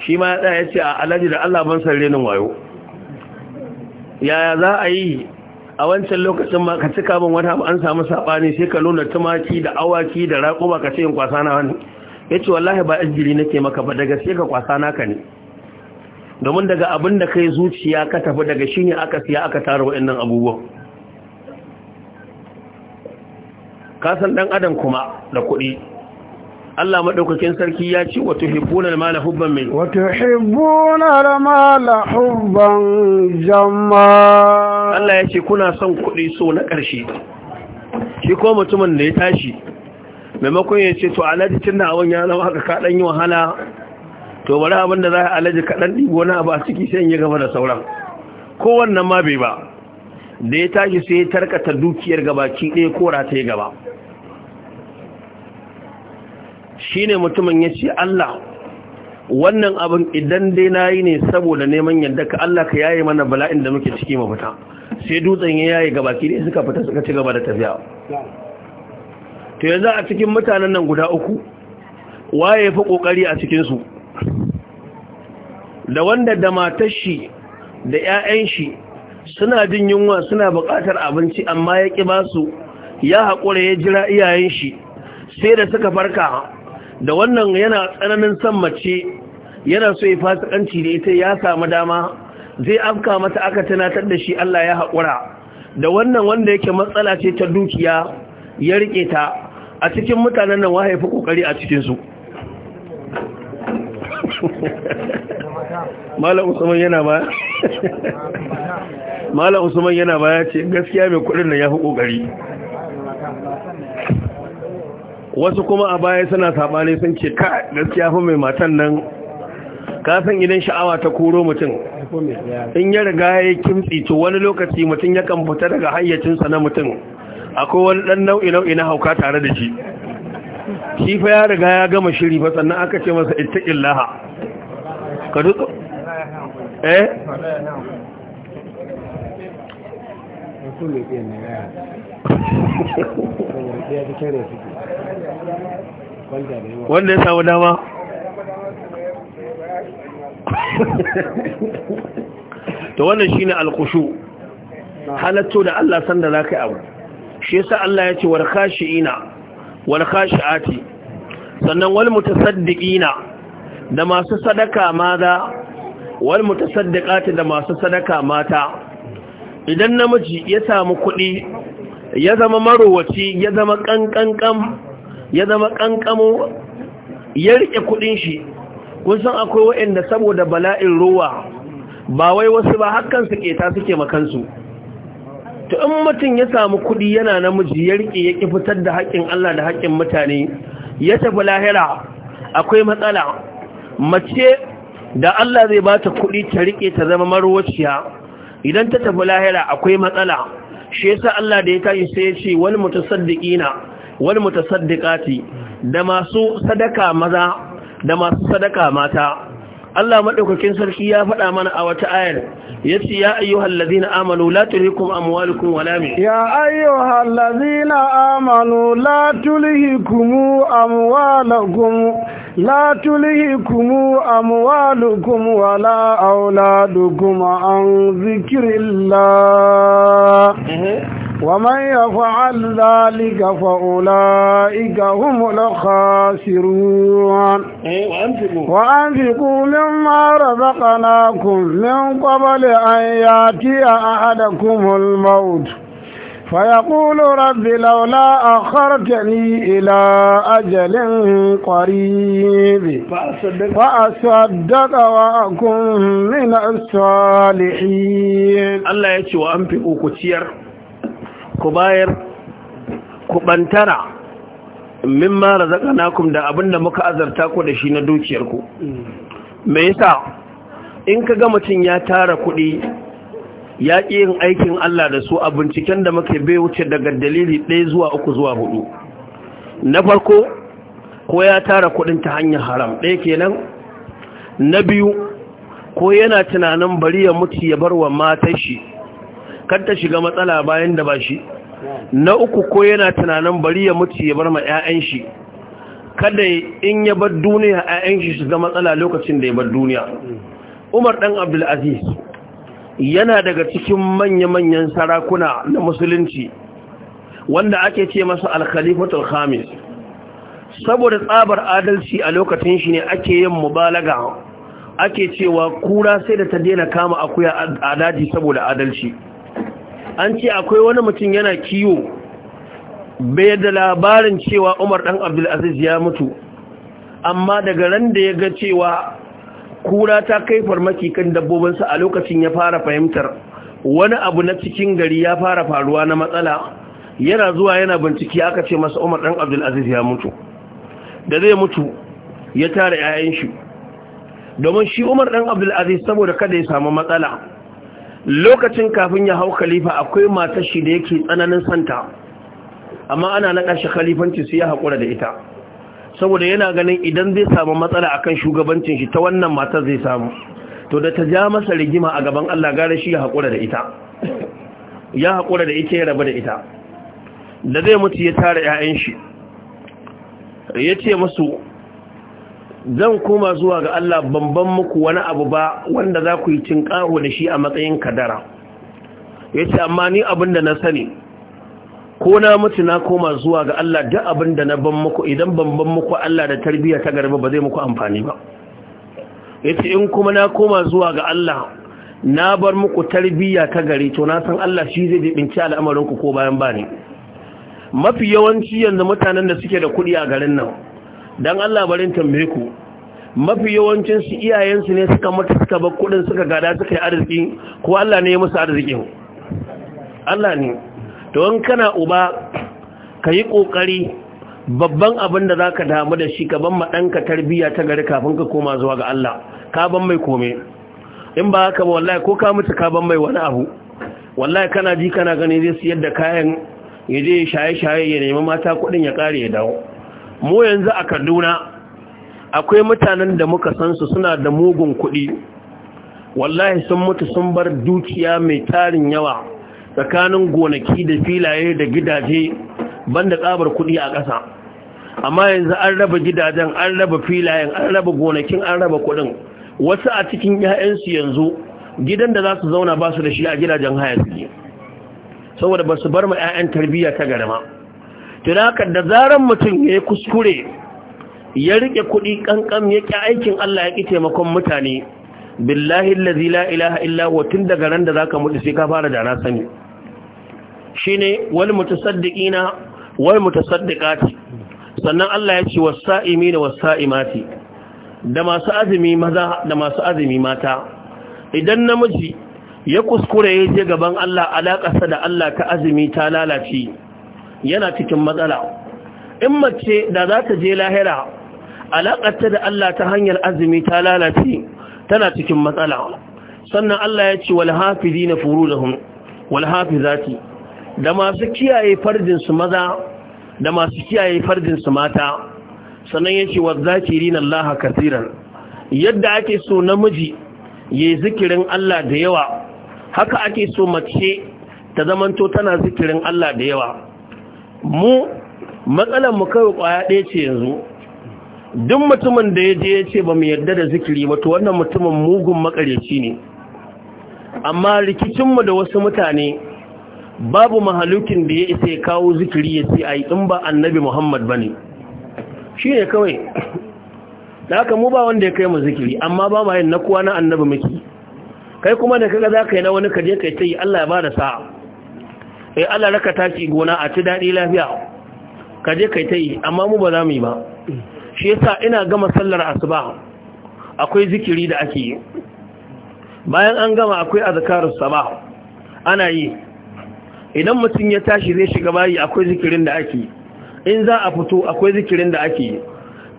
Speaker 2: shi ma ya tsaya ya ce a alaji da Allah ban san renin wayo yaya za a yi a wancan lokacin ma ka cika min wata an samu sabani sai ka nuna tumaki da awaki da raƙuma ka ce in kwasa na wani yace wallahi ba ajiri nake maka ba daga sai ka kwasa naka ne domin daga abin da kai zuciya ka tafi daga shi ne aka siya aka tara waɗannan abubuwan kasan ɗan adam kuma da kuɗi Allah maɗaukakin sarki ya ce wato Hibbuna da mala hubban mai. Wato Hibbuna da mala hubban jamma Allah ya ce kuna son kuɗi so na ƙarshe shi kuma mutumin da ya tashi maimakon ya ce to alaji da awon ya zama haka kaɗan yi wahala to bari abin da za a alaji kaɗan ɗigo wani abu a ciki sai ya gaba da sauran kowannan ma bai ba da ya tashi sai ya tarkata dukiyar gabaki ɗaya kora ta yi gaba shi ne mutumin ya ce Allah wannan abin idan dai na yi ne saboda neman yadda ka Allah ka yaye mana bala'in da muke ciki mafita sai dutsen ya yaye gabaki ɗaya suka fita suka ci gaba da tafiya to yanzu a cikin mutanen nan guda uku waye fi kokari a cikinsu da wanda da matar shi da 'ya'yan shi suna jin yunwa suna buƙatar abinci amma ya ƙi basu ya haƙura ya jira iyayen shi sai da suka farka da wannan yana tsananin son mace yana so ya fasikanci da ita ya samu dama zai afka mata aka tunatar da shi Allah ya haƙura da wannan wanda yake matsala ce ta dukiya ya riƙe ta a cikin mutanen nan wahaifi ƙoƙari a cikinsu <laughs> malam usman yana ba <laughs> malam usman yana ba ya ce gaskiya mai kudin da ya fi kokari wasu kuma a baya suna sabani sun ce ka gaskiya fa mai matan nan ka san idan sha'awa ta koro mutum in ya riga ya kimtsi to wani lokaci mutum yakan fita daga hayyacinsa na mutum akwai wani dan nau'i nau'i na hauka tare da shi shi fa ya riga ya gama shiri fa sannan aka ce masa ittaqillaha ka dutso eh wanda ya samu dama to wannan shi ne alkushu halatto da Allah sanda ka yi abu shi yasa Allah ya ce shi ina. wal khashi'ati sannan wal mutasaddiqina da masu sadaka maza wal mutasaddiqati da masu sadaka mata idan namiji ya samu kuɗi ya zama marowaci ya zama kankankam ya zama kankamo ya rike kuɗin shi kun san akwai waɗanda saboda bala'in ruwa ba wai wasu ba hakkansu su keta suke makansu to in mutum ya samu kuɗi yana namiji ya riƙe ya ƙi fitar da haƙƙin Allah da haƙƙin mutane ya tafi lahira akwai matsala mace da Allah zai ba ta kuɗi ta riƙe ta zama marwaciya idan ta tafi lahira akwai matsala shi yasa Allah da ya tashi sai ya ce wal mutasaddiqina wal mutasaddiqati da masu sadaka maza da masu sadaka mata Allah maɗaukakin sarki ya faɗa mana a wata ayar yace ya ayyuhal ladina amanu la tulhikum amwalukum wala min ya
Speaker 1: ayyuhal ladina amanu la tulhikum amwalukum لا تلهكم أموالكم ولا أولادكم عن ذكر الله ومن يفعل ذلك فأولئك هم الخاسرون وأنفقوا مما رزقناكم من قبل أن يأتي أحدكم الموت فيقول رب لولا أخرتني إلى أجل قريب فأصدق وأكون من الصالحين الله
Speaker 2: يتوى أنفقوا كتير ku bayar ku bantara min ma abin da abinda muka azarta ku da shi na dukiyarku me yasa in ka ga mutum ya tara kuɗi ya ƙi yin aikin Allah da su a binciken da muke bai wuce daga dalili ɗaya zuwa uku zuwa hudu na farko ko ya tara kuɗin ta hanyar haram ɗaya kenan na biyu ko yana tunanin bari ya mutu ya bar wa matar shi kar ta shiga matsala bayan da ba shi na uku ko yana tunanin bari ya mutu ya bar ma 'ya'yan shi kada in ya bar duniya 'ya'yan shi shiga matsala lokacin da ya bar duniya umar dan abdulaziz yana daga cikin manya-manyan sarakuna na musulunci wanda ake ce masa al khamis saboda tsabar adalci a lokacin shi ne ake yin mubalaga ake cewa kura sai da ta daina kama akuya a daji saboda adalci an ce akwai wani mutum yana kiwo bai da labarin cewa umar dan abdulaziz ya mutu amma daga ran da ya ga cewa kura ta kai farmaki kan dabbobinsa a lokacin ya fara fahimtar wani abu na cikin gari ya fara faruwa na matsala yana zuwa yana bincike aka ce masa umar dan abdulaziz ya mutu da zai mutu ya tara 'ya'yan shi domin shi umar dan abdulaziz saboda kada ya samu matsala lokacin kafin ya hau khalifa akwai matar shi da yake tsananin santa amma ana naɗa shi khalifanci sai ya haƙura da ita saboda yana ganin idan zai samu matsala akan shugabancin shi ta wannan matar zai samu to da ta ja masa rigima a gaban Allah gara shi ya haƙura da ita ya haƙura da ita ya rabu da ita da zai mutu ya tara 'ya'yan shi ya ce masu. zan koma zuwa ga Allah bamban muku wani abu ba wanda za ku yi ƙaho da shi a matsayin kadara ya ce amma ni abin da na sani ko na mutu na koma zuwa ga Allah duk abin da na ban muku idan bamban muku Allah da tarbiyya ta garba ba zai muku amfani ba ya ce in kuma na koma zuwa ga Allah na bar muku tarbiyya ta gari to na san Allah shi zai binci al'amarinku ko bayan ba mafi yawanci yanzu mutanen da suke da kuɗi a garin nan dan Allah barin tambaye ku mafi yawancin su iyayensu ne suka mutu suka bar kudin suka gada suka yi arziki ko Allah ne ya musu arzikin Allah ne to in kana uba kayi kokari babban abin da zaka damu da shi gaban danka tarbiyya ta gari kafin ka koma zuwa ga Allah ka ban mai kome in ba haka ba wallahi ko ka mutu ka ban mai wani abu wallahi kana ji kana gani zai siyar da kayan ya je shaye-shaye ya nemi mata kudin ya kare ya dawo mu yanzu a kaduna akwai mutanen da muka san su suna da mugun kuɗi wallahi sun mutu sun bar dukiya mai tarin yawa tsakanin gonaki da filaye da gidaje banda tsabar kuɗi a ƙasa amma yanzu an raba gidajen an raba filayen an raba gonakin an raba kuɗin wasu a cikin 'ya'yansu yanzu gidan da za su zauna ba su da shi a gidajen haya suke saboda ba su bar ma 'ya'yan tarbiyya ta garama tunakar da zarar mutum ya kuskure ya rike kuɗi ƙanƙam ya ƙi aikin Allah ya ƙi taimakon mutane billahi allazi la ilaha illa tun daga ran da zaka mutu sai ka fara da na sani shine wal mutasaddiqina wal mutasaddiqati sannan Allah ya ce was-sa'imina was-sa'imati da masu azumi maza da masu azumi mata idan namiji ya kuskure ya je gaban Allah alaƙarsa da Allah ta azumi ta lalace yana cikin matsala in mace da za ta je lahira alaƙarta da Allah ta hanyar azumi ta lalace tana cikin matsala sannan Allah ya ce walhafizi na furu da hunu walhafizati da masu kiyaye farjinsu maza da masu kiyaye farjinsu mata sannan ya ce wa zakirin Allah kasiran yadda ake so namiji ya yi zikirin Allah da yawa haka ake so mace ta zamanto tana zikirin Allah da yawa mu matsalar mu kai kwaya ɗaya ce yanzu duk mutumin da ya je ya ce ba mu yarda da zikiri ba to wannan mutumin mugun makareci ne amma rikicinmu da wasu mutane babu mahalukin da ya isa ya kawo zikiri ya ce a in ba annabi muhammad ba ne shi ne kawai da haka mu ba wanda ya kai mu zikiri amma ba ma yin na kuwa na annabi miki kai kuma da kaga za ka yi na wani kaje ka yi ta yi allah ya ba da sa'a ya eh, Allah raka tashi gona a ci daɗi lafiya ka je kai ta yi amma mu ba za mu yi ba shi yasa ina gama sallar asuba akwai zikiri da ake yi bayan an gama akwai azkarus sabah ana yi idan mutum ya tashi zai shiga bayi akwai zikirin da ake yi in za a fito akwai zikirin da ake yi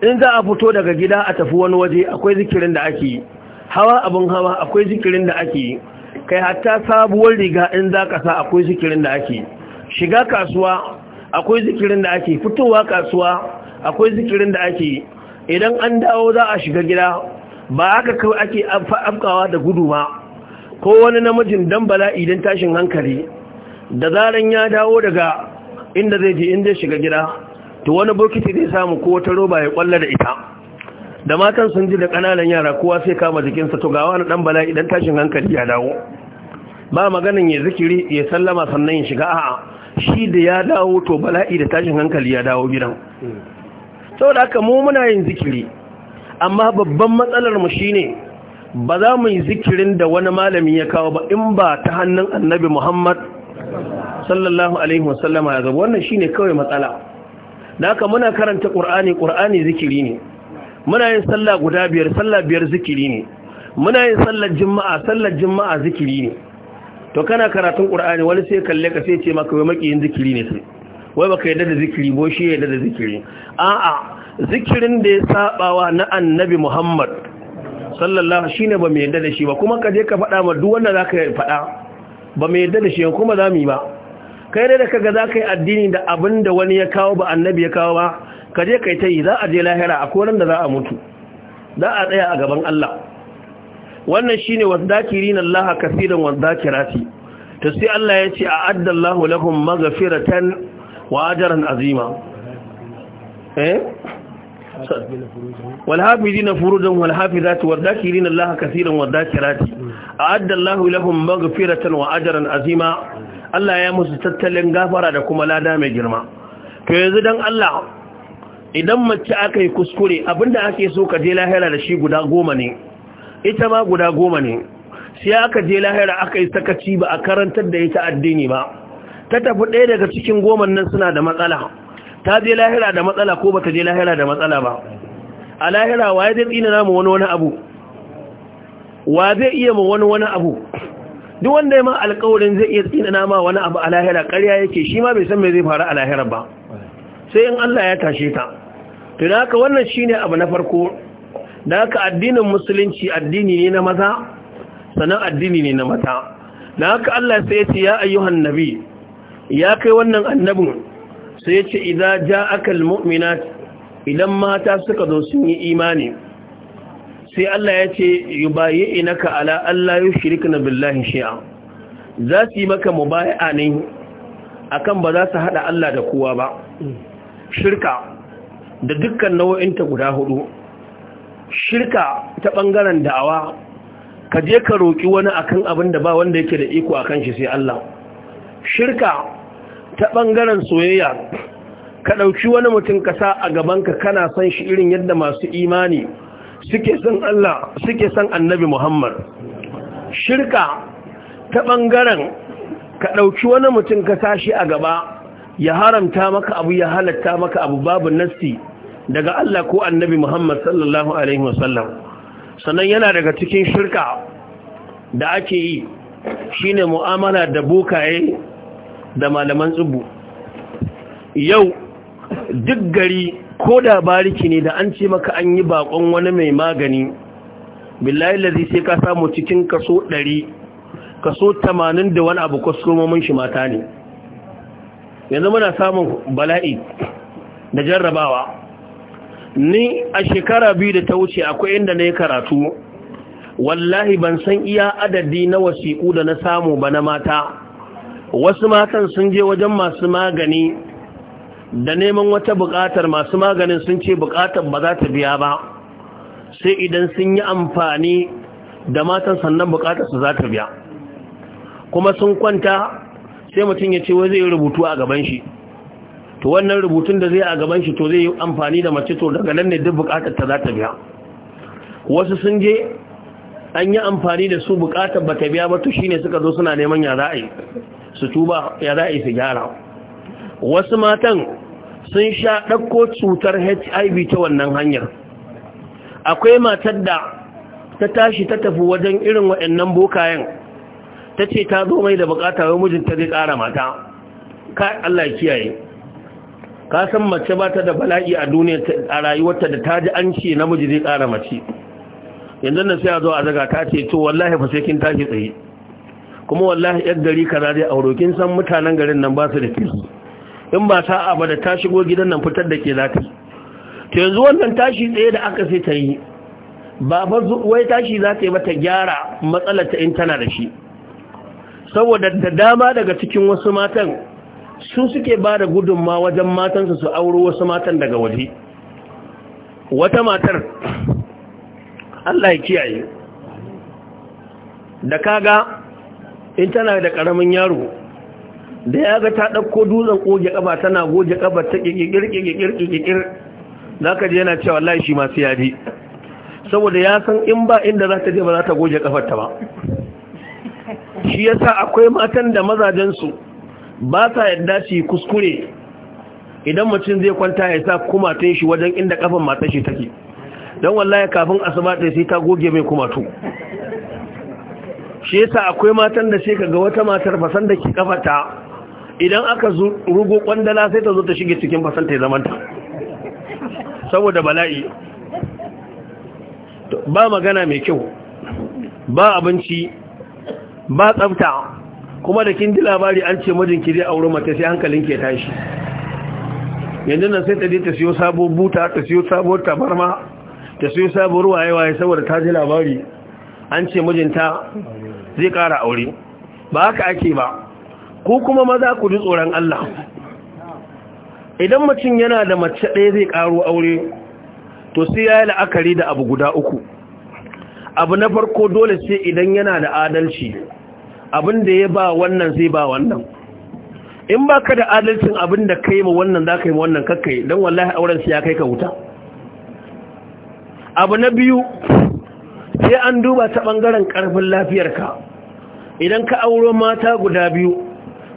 Speaker 2: in za a fito daga gida a tafi wani waje akwai zikirin da ake yi hawa abin hawa akwai zikirin da ake yi kai hatta sabuwar riga in za ka sa akwai zikirin da ake shiga kasuwa akwai zikirin da ake fitowa kasuwa akwai zikirin da ake idan an dawo za a shiga gida ba haka kawai ake afkawa da gudu ba ko wani namijin dan bala idan tashin hankali da zaran ya dawo daga inda zai je inda shiga gida to wani bokiti zai samu ko wata roba ya kwalla da ita da matan sun ji da ƙananan yara kowa sai kama jikinsa to gawa na ɗan bala idan tashin hankali ya dawo ba maganin ya zikiri ya sallama sannan ya shiga a shi da ya dawo to bala'i da tashin hankali ya dawo gidan saboda aka mu muna yin zikiri amma babban matsalar mu shine ba za mu yi zikirin da wani malami ya kawo ba in ba ta hannun annabi Muhammad sallallahu alaihi wasallama ya zaba wannan shine kawai matsala da aka muna karanta ƙur'ani ƙur'ani zikiri ne muna yin sallah guda biyar sallah biyar zikiri ne muna yin sallar jima'a sallar jima'a zikiri ne to kana karatun qur'ani wani sai kalle ka sai ce maka wai makiyin zikiri ne sai wai baka yadda da zikiri bo shi yadda da zikiri a'a zikirin da ya sabawa na annabi Muhammad sallallahu shine ba mai yadda da shi ba kuma ka je ka faɗa ma duk wanda zaka faɗa ba mu yadda da shi kuma za mu yi ba kai dai da kaga zaka yi addini da abin da wani ya kawo ba annabi ya kawo ba ka je kai ta yi za a je lahira a koran da za a mutu za a tsaya a gaban Allah wannan shine wadakirin Allah kaseeran wadakirati to sai Allah ya ce a addallahu lahum maghfiratan wa ajran azima eh والحافظين فروجهم والحافظات والذاكرين الله كثيرا والذاكرات أعد الله لهم مغفرة وأجرا azima, Allah ya musu tattalin gafara da kuma lada mai girma to yanzu dan Allah idan mace aka yi kuskure abinda ake so ka je lahira da shi guda goma ne ita ma guda goma ne sai aka je lahira aka yi sakaci ba a karantar da ita addini ba ta tafi ɗaya daga cikin goman nan suna da matsala ta je lahira da matsala ko ba ta je lahira da matsala ba a lahira wa zai tsina namu wani wani abu wa zai iya ma wani wani abu duk wanda ya ma alkawarin zai iya tsina nama wani abu a lahira ƙarya yake shi ma bai san me zai faru a lahira ba sai in Allah ya tashe ta to wannan shine abu na farko da haka addinin musulunci addini ne na maza sannan addini ne na mata da haka Allah sai ya ce ya ayyuhan nabi ya kai wannan annabin sai ya ce idan ja'aka almu'minat idan mata suka zo sun yi imani sai Allah ya ce inaka ala allah yushrikna billahi shay'a za su yi maka mubaya'a ne akan ba za su hada Allah da kowa ba shirka da dukkan nau'inta guda hudu shirka ta bangaren da'awa ka je ka roki wani akan abin da ba wanda yake da iko akan shi sai Allah shirka ta bangaren soyayya ka dauki wani mutum ka sa a gaban ka kana son shi irin yadda masu imani suke son Allah suke son Annabi Muhammad shirka ta bangaren ka dauki wani mutum ka sa shi a gaba ya haramta maka abu ya halatta maka abu babu nassi daga Allah ko annabi Muhammad sallallahu Alaihi wasallam sannan yana daga cikin shirka da ake yi shi ne mu'amala da bukaye da malaman tsubu yau duk gari ko da bariki ne da an ce maka an yi bakon wani mai magani billahi lazi sai ka samu cikin kaso ɗari, kaso tamanin da wani abu kwaskomomin shi mata ne yanzu muna samun bala'i da jarrabawa ni a shekara biyu da ta wuce akwai inda na yi karatu wallahi ban san iya adadi na wasiƙu da na samu ba na mata wasu matan sun je wajen masu magani da neman wata buƙatar masu maganin sun ce buƙatar ba za ta biya ba sai idan sun yi amfani da matan sannan buƙatar su za ta biya kuma sun kwanta sai mutum ya ce wai zai rubutu a gaban shi to wannan rubutun da zai a gaban shi to zai yi amfani da mace to daga nan ne duk bukatar ta za ta biya wasu sun je an yi amfani da su bukatar ba ta biya ba to shine suka zo suna neman ya za yi su tuba ya su gyara wasu matan sun sha ɗakko cutar hiv ta wannan hanyar akwai matar da ta tashi ta tafi wajen irin waɗannan bokayen ta ce ta zo mai da bukata wai mijinta zai ƙara mata ka Allah kiyaye ka san mace ba ta da bala'i a duniya a rayuwarta da ta ji an ce namiji zai ƙara mace yanzu nan sai a zo a zaga ta ce to wallahi fa sai kin tashi tsaye kuma wallahi yar gari kaza dai auro kin san mutanen garin nan ba su da kirki in ba sa'a ba da ta shigo gidan nan fitar da ke zaka to yanzu wannan tashi tsaye da aka sai ta yi ba fa wai tashi za ta yi mata gyara matsalar ta in tana da shi saboda da dama daga cikin wasu matan su suke ba da gudunma wajen matansu su auro wasu matan daga waje wata matar Allah ya kiyaye da kaga in tana da karamin yaro da ya ga ta ɗauko dutsen goge ƙaba tana goge ƙaba ta ƙirƙirƙirƙirƙirƙir za ka je yana cewa Allah masu yaji saboda ya san in ba inda za ta je ba za ta goge ƙafarta ba shi yasa akwai matan da mazajensu ba sa yadda shi kuskure idan mutum zai kwanta ya sa kuma ta shi wajen inda kafin matan shi take don wallahi kafin asuba ɗaya sai ta goge mai kumatu shi yasa akwai matan da sai ga wata matar fasan da ke kafata idan aka rugo kwandala sai ta zo ta shige cikin fasan ta zamanta saboda bala'i ba magana mai kyau ba abinci ba tsafta kuma da kin ji labari an ce mijinki zai aure mace sai hankalin ke tashi yanzu nan sai ta je ta siyo sabuwar buta ta siyo sabuwar tabarma ta siyo sabuwar waye-waye saboda ta ji labari an ce mijinta zai ƙara aure ba haka ake ba ko kuma maza ku ji tsoron Allah idan mutum yana da mace ɗaya zai karo aure to sai ya yi la'akari da abu guda uku abu na farko dole sai idan yana da adalci abin da ya ba wannan zai ba wannan in ba ka da adalcin abin da ka yi ma wannan za ka yi ma wannan kakai, don wallahi auren su ya kai ka wuta abu na biyu sai an duba ta ɓangaren ƙarfin lafiyarka idan ka auro mata guda biyu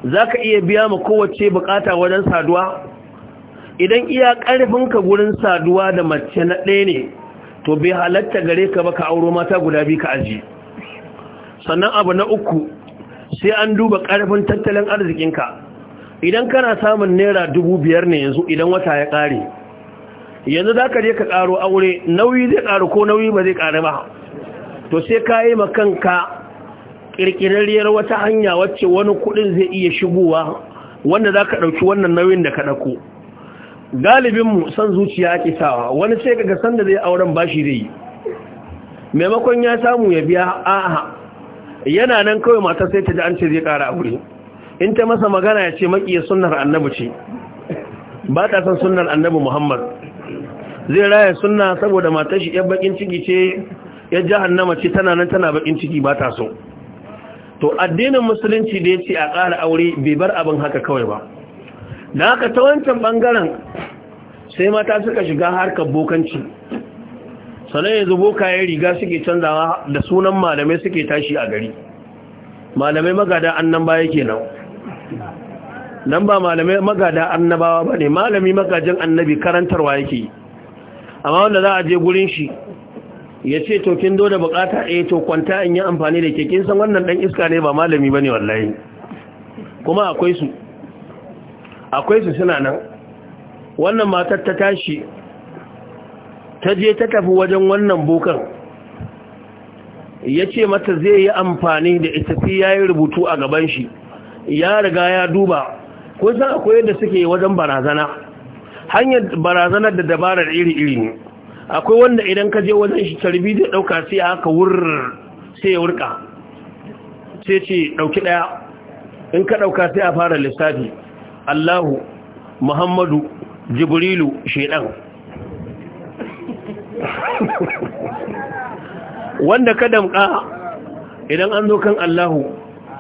Speaker 2: za ka iya biya ma kowace bukata wajen saduwa idan iya ƙarfinka gurin saduwa da mace na ɗaya ne to bai halatta gare ka ba ka auro mata guda biyu ka ajiye sannan abu na uku sai an duba ƙarfin tattalin arzikinka idan kana samun naira dubu biyar ne yanzu idan wata ya ƙare yanzu za ka je ka ƙaro aure nauyi zai ƙaru ko nauyi ba zai ƙaru ba to sai ka yi makanka ƙirƙirarriyar wata hanya wacce wani kuɗin zai iya shigowa wanda za ka ɗauki wannan nauyin da ka ɗauko galibinmu son zuciya ake sawa wani sai ka ga sanda zai auren bashi zai yi maimakon ya samu ya biya a'a yana nan kawai mata sai ta ji an ce zai ƙara aure in ta masa magana ya ce maƙiya sunar annabu ce ba ta san sunnar annabu muhammad zai raya sunna saboda matar shi yan bakin ciki ce ya nama ce tana nan tana bakin ciki ba ta so to addinin musulunci da ya ce a ƙara aure bai bar abin haka kawai ba da haka ta wancan bangaren sai mata suka shiga harkar bokanci sannan yanzu bokayen riga suke canzawa da sunan malamai suke tashi a gari malamai magada annan baya kenan nan ba malamai magada annabawa ba ne malami magajin annabi karantarwa yake amma wanda za a je gurin shi ya ce to kin da bukata ɗaya eh, to kwanta in yi amfani da ke kin san wannan dan iska ne ba malami bane wallahi kuma akwai su akwai su suna nan wannan matar ta tashi ta je ta tafi wajen wannan bukan ya ce mata zai yi amfani da ita fi ya yi rubutu a gaban shi ya riga ya duba kun san akwai yadda suke wajen barazana hanyar barazanar da dabarar iri-iri ne akwai wanda idan ka je wajen shi tarbi da ɗauka sai haka wurin sai ya wurka sai ce ɗauki ɗaya in ka ɗauka sai a fara lissafi allahu muhammadu jibrilu shaidan wanda ka damka idan an zo kan Allahu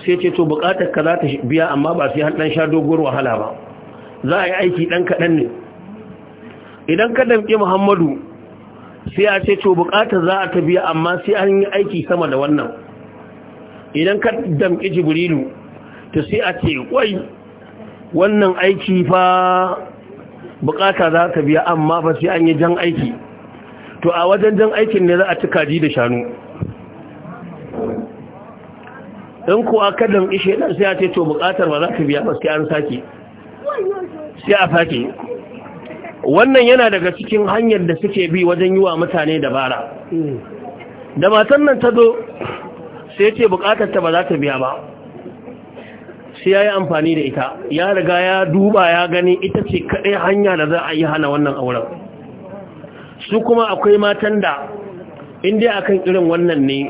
Speaker 2: sai ce to bukatar ka za ta biya amma ba sai dan sha doguwar wahala ba za a yi aiki dan kaɗan ne idan ka damke Muhammadu sai a ce to bukatar za a ta biya amma sai an yi aiki sama da wannan idan ka damke Jibrilu to sai a ce wai wannan aiki fa bukata za ta biya amma ba sai an yi jan aiki to a wajen jan aikin ne za a ci kaji da shanu in kuwa kadan ishe nan sai a ce to bukatar ba za ka biya ba an sake sai a sake wannan yana daga cikin hanyar da suke bi wajen yiwa mutane dabara da matan nan ta zo sai ce bukatar ta ba za ta biya ba sai ya yi amfani da ita ya riga ya duba ya gani ita ce kaɗai hanya da za a yi hana wannan auren su kuma akwai matan da inda akan irin wannan ne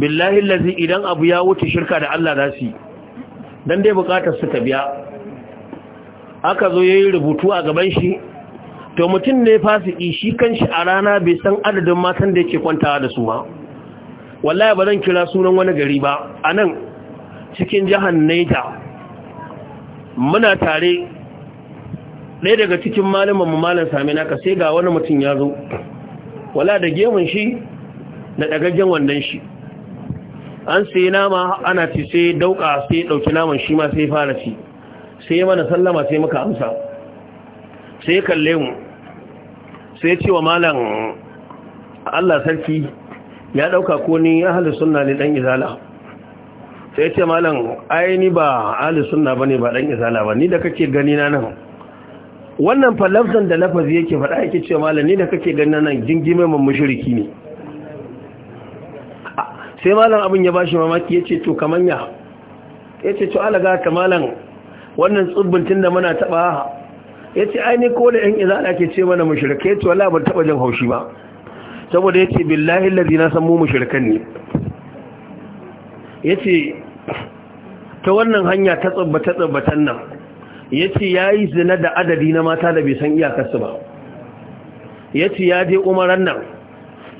Speaker 2: billahi lazi idan abu ya wuce shirka da Allah za su yi don dai bukatar su ta biya aka zo ya yi rubutu a gaban shi to mutum ne fasiki shi kan shi a rana bai san adadin matan da yake kwantawa da su ba wallahi ba zan kira sunan wani gari ba a nan cikin jihar naija muna tare ɗaya daga cikin malamanmu malam sami naka sai ga wani mutum ya zo wala da gemun shi da ɗagaggen wandon shi an sai nama ana ci sai dauka sai ɗauki naman shi ma sai fara ci sai mana sallama sai muka amsa sai kalle mu sai ce wa malam Allah sarki ya ɗauka ko ni ahalin suna ne ɗan izala sai ce malam ai ba ahalin suna ba ne ba ɗan izala ba ni da kake ganina na nan wannan falafzan da lafazi yake faɗa yake cewa malami da kake ganin nan jingime mun mushriki ne sai malam abin ya bashi mamaki yace to ya yace to alaga ka malam wannan tsubbin da muna taba yace ai ne ko da ɗan izala ke ce mana mushrike to wallahi ban taba jin haushi ba saboda yace billahi allazi na san mu mushrikan ne yace ta wannan hanya ta tsubba ta tsubbatan nan ya ce ya yi zina da adadi na mata da bai san iyakarsu ba ya ce ya je umaran nan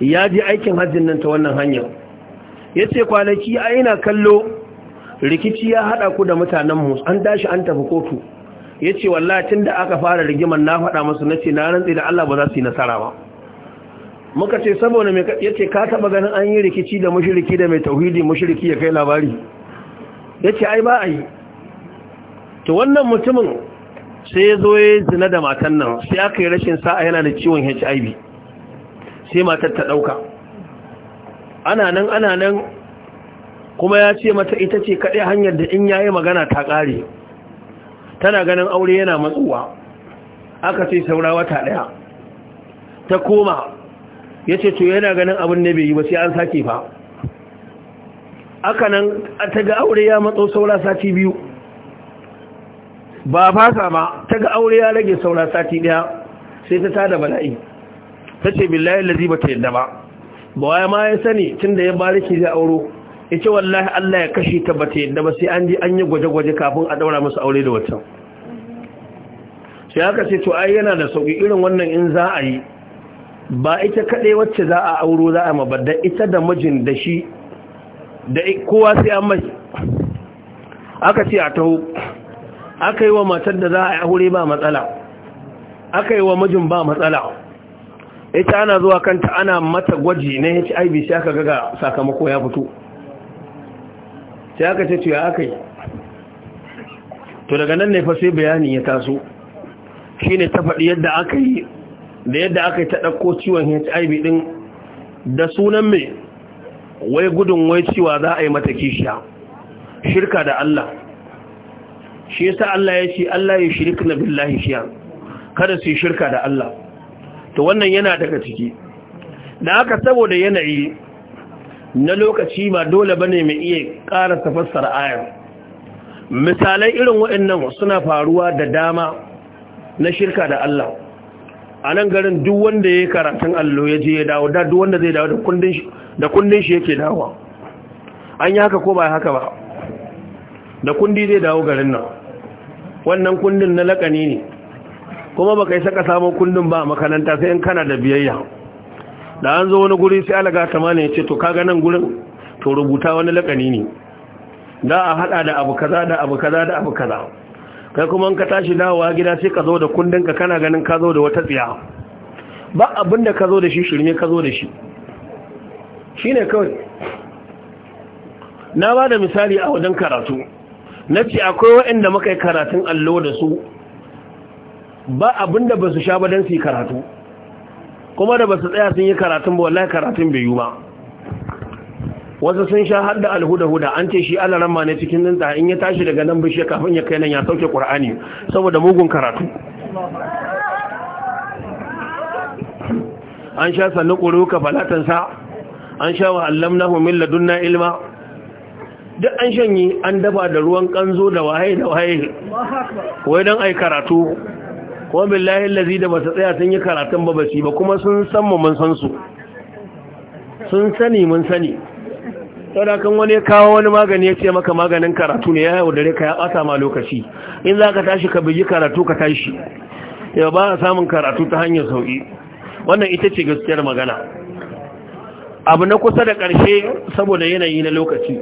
Speaker 2: ya je aikin hajjin nan ta wannan hanyar ya ce kwanaki a yana kallo rikici ya haɗa ku da mutanen mu an dashi an tafi kotu ya ce tun da aka fara rigimar na faɗa masu na ce na rantsi da Allah ba za su yi nasara ba muka ce saboda mai ya ce ka taɓa ganin an yi rikici da mashiriki da mai tauhidi mashiriki ya kai labari ya ce ai ba a yi to wannan mutumin sai ya zo ya zina da matan nan sai aka yi rashin sa'a yana da ciwon HIV sai matar ta dauka ana nan ana nan kuma ya ce mata ita ce kaɗai hanyar da in yayi magana ta ƙare tana ganin aure yana matsuwa aka ce saura wata ɗaya ta koma ya ce to yana ganin abin da bai yi ba sai an sake fa aka nan ta ga aure ya matso saura sati biyu ba fasa ba ta ga aure ya rage saura sati daya sai ta tada bala'i ta ce billahi lazi ba ta yadda ba ba ma ya sani tun da ya bariki zai auro ya ce wallahi Allah ya kashe ta ba ta yadda ba sai an ji an yi gwaje-gwaje kafin a daura masa aure da wata sai haka to ai yana da sauƙi irin wannan in za a yi ba ita kaɗai wacce za a auro za a mabadda ita da mijin da shi da kowa sai an mai aka ce a taho aka yi wa matar da za a yi aure ba matsala aka yi wa mijin ba matsala ita ana zuwa kanta ana mata gwaji na hiv shi aka gaga sakamako ya fito sai aka ce ya aka yi to daga nan ne fa bayani ya taso shi ne ta faɗi yadda aka yi da yadda aka yi ta ɗauko ciwon hiv ɗin da sunan mai wai gudun wai ciwa za a yi mata kishiya shirka da allah shi yasa Allah ya ce Allah ya shirka billahi shiya kada su shirka da Allah to wannan yana daga ciki da haka saboda yanayi na lokaci ba dole bane mai iya ƙara tafassar ayar misalai irin waɗannan suna faruwa da dama na shirka da Allah a nan garin duk wanda ya karatun allo ya je ya dawo da duk wanda zai dawo da kundin shi yake dawo an yi haka ko ba haka ba da kundi zai dawo garin nan wannan kundin na lakani ne kuma baka yi saka samun kundin ba a makaranta sai in kana da biyayya da an zo wani guri sai alaga tama ne ce to kaga nan gurin to rubuta wani lakani ne da a hada da abu kaza da abu kaza da abu kaza kai kuma in ka tashi dawowa gida sai ka zo da kundin ka kana ganin ka zo da wata tsiya ba abin da ka zo da shi shirme ka zo da shi shine kawai na ba da misali a wajen karatu na ce akwai waɗanda muka yi karatun allo da su ba abinda ba su sha ba don su yi karatu kuma da ba su tsaya sun yi karatun ba wallahi karatun bai yi ba wasu sun sha har da alhuda-huda an ce shi alarama ne cikin ninta in ya tashi daga nan bishe kafin ya kai nan ya sauke ƙur'ani saboda mugun karatu an sha sannu ƙuruka falatansa an sha wa na humin ladunna ilma duk an shanye an daba da ruwan kanzo da waye da waye wai don ai karatu kuma billahi lazi da ba su tsaya sun yi karatun ba basi ba kuma sun san mu mun san su sun sani mun sani saboda kan wani kawo wani magani ya ce maka maganin karatu ne ya yau dare ka ya ɓata ma lokaci in za ka tashi ka bigi karatu ka tashi yau ba samun karatu ta hanyar sauƙi wannan ita ce gaskiyar magana abu na kusa da ƙarshe saboda yanayi na lokaci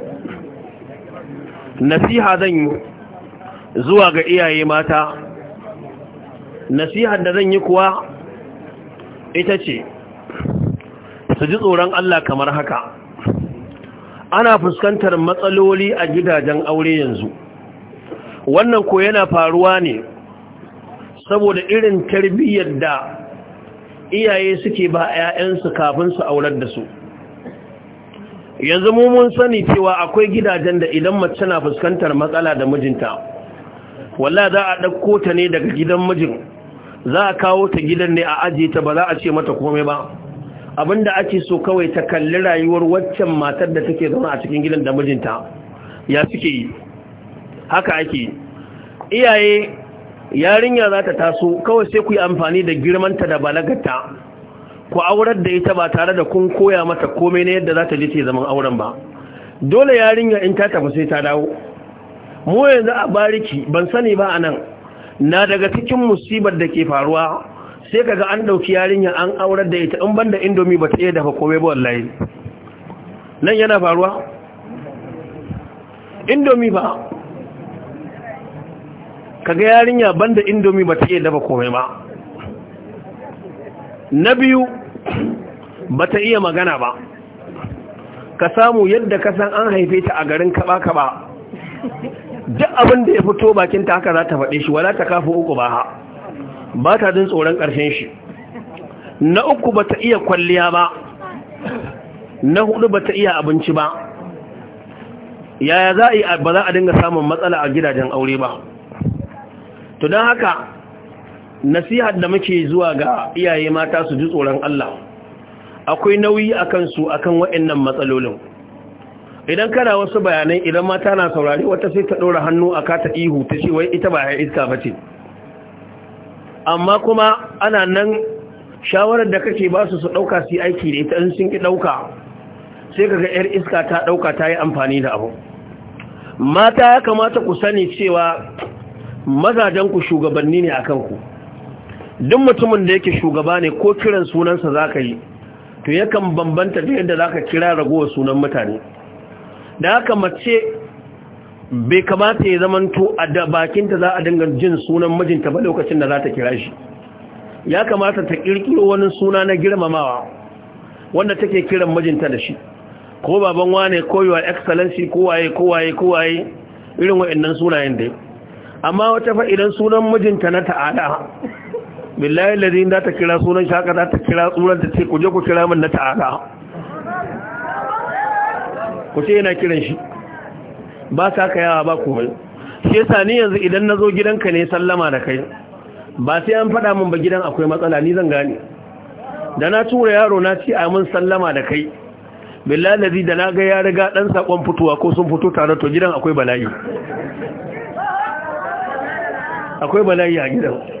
Speaker 2: nasiha zan yi zuwa ga iyaye mata nasihar da zan yi kuwa ita ce su ji tsoron Allah kamar haka ana fuskantar matsaloli a gidajen aure yanzu wannan ko yana faruwa ne saboda irin tarbiyyar da iyaye suke ba 'ya'yansu kafin su aurar da su yanzu mu mun sani cewa akwai gidajen da idan mace na fuskantar matsala da mijinta walla za a ɗauko ta ne daga gidan mijin za a kawo ta gidan ne a ajiye ta ba za a ce mata komai ba abinda ake so kawai ta kalli rayuwar waccan matar da take zama a cikin gidan da mijinta ya suke yi haka ake iyaye yarinya za ta taso kawai sai ku yi amfani da girmanta da balagarta ku aurar da ita ba tare da kun koya mata komai na yadda za ta je ta zaman auren ba dole yarinya in ta tafi sai ta dawo mu yanzu a bariki ban sani ba a nan na daga cikin musibar da ke faruwa sai kaga an dauki yarinya an aurar da ita in banda indomi ba ta iya dafa komai ba wallahi nan yana faruwa indomi ba kaga yarinya banda indomi ba ta iya dafa komai ba na biyu ba ta iya magana ba ka samu yadda ka san an haife ta a garin kaba-kaba duk abin da ya fito bakinta haka za ta faɗe shi wala ta kafa uku ba ha ba ta jin tsoron ƙarshen shi na uku ba ta iya kwalliya ba na hudu ba ta iya abinci ba yaya za a ba za a dinga samun matsala a gidajen aure ba to don haka nasihar da muke zuwa ga iyaye mata su ji tsoron Allah akwai nauyi a kansu a kan waɗannan matsalolin idan kana wasu bayanai idan mata na saurari wata sai ta ɗora hannu a kata ihu ta ce wai ita ba ya iska ba ce amma kuma ana nan shawarar da kake ba su su ɗauka su yi aiki da ita in sun ki ɗauka sai kaga 'yar iska ta ɗauka ta yi amfani da abu mata ya kamata ku sani cewa mazajenku shugabanni ne a kanku duk mutumin da yake shugaba ne ko kiran sunansa za ka yi to yakan bambanta da yadda za ka kira ragowar sunan mutane da haka mace bai kamata ya zamanto a da bakinta za a dinga jin sunan mijinta ba lokacin da za ta kira shi ya kamata ta kirkiro wani suna na girmamawa wanda take kiran mijinta da shi ko baban wane ko wa excellency ko waye ko waye ko waye irin wa'annan sunayen dai amma wata fa idan sunan mijinta na ta'ala billahi ladin da ta kira sunan shaka za ta kira tsuran ta ce ku je ku kira min na ta'ala ku ce yana kiran shi ba sa ka yawa ba ku komai shi yasa ni yanzu idan na zo gidanka ne sallama da kai ba sai an faɗa min ba gidan akwai matsala ni zan gane da na tura yaro na ci a min sallama da kai billahi ladin da na ga ya riga dan sakon fitowa ko sun fito tare to gidan akwai bala'i akwai bala'i a gidan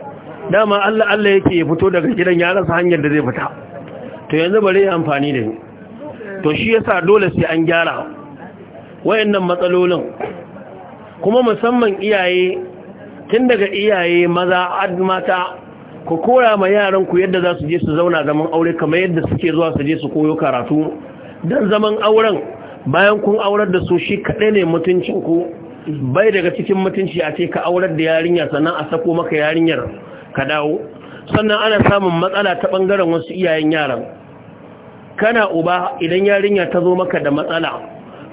Speaker 2: dama Allah Allah yake ya fito daga gidan ya rasa hanyar da zai fita to yanzu bare ya amfani da ni to shi yasa dole sai an gyara wayannan matsalolin kuma musamman iyaye tun daga iyaye maza mata ku kora ma yaran ku yadda za su je su zauna zaman aure kamar yadda suke zuwa su je su koyo karatu dan zaman auren bayan kun aurar da su shi kadai ne mutuncin ku bai daga cikin mutunci a ce ka aurar da yarinya sannan a sako maka yarinyar ka dawo sannan ana samun matsala ta ɓangaren wasu iyayen yaran kana uba idan yarinya ta zo maka da matsala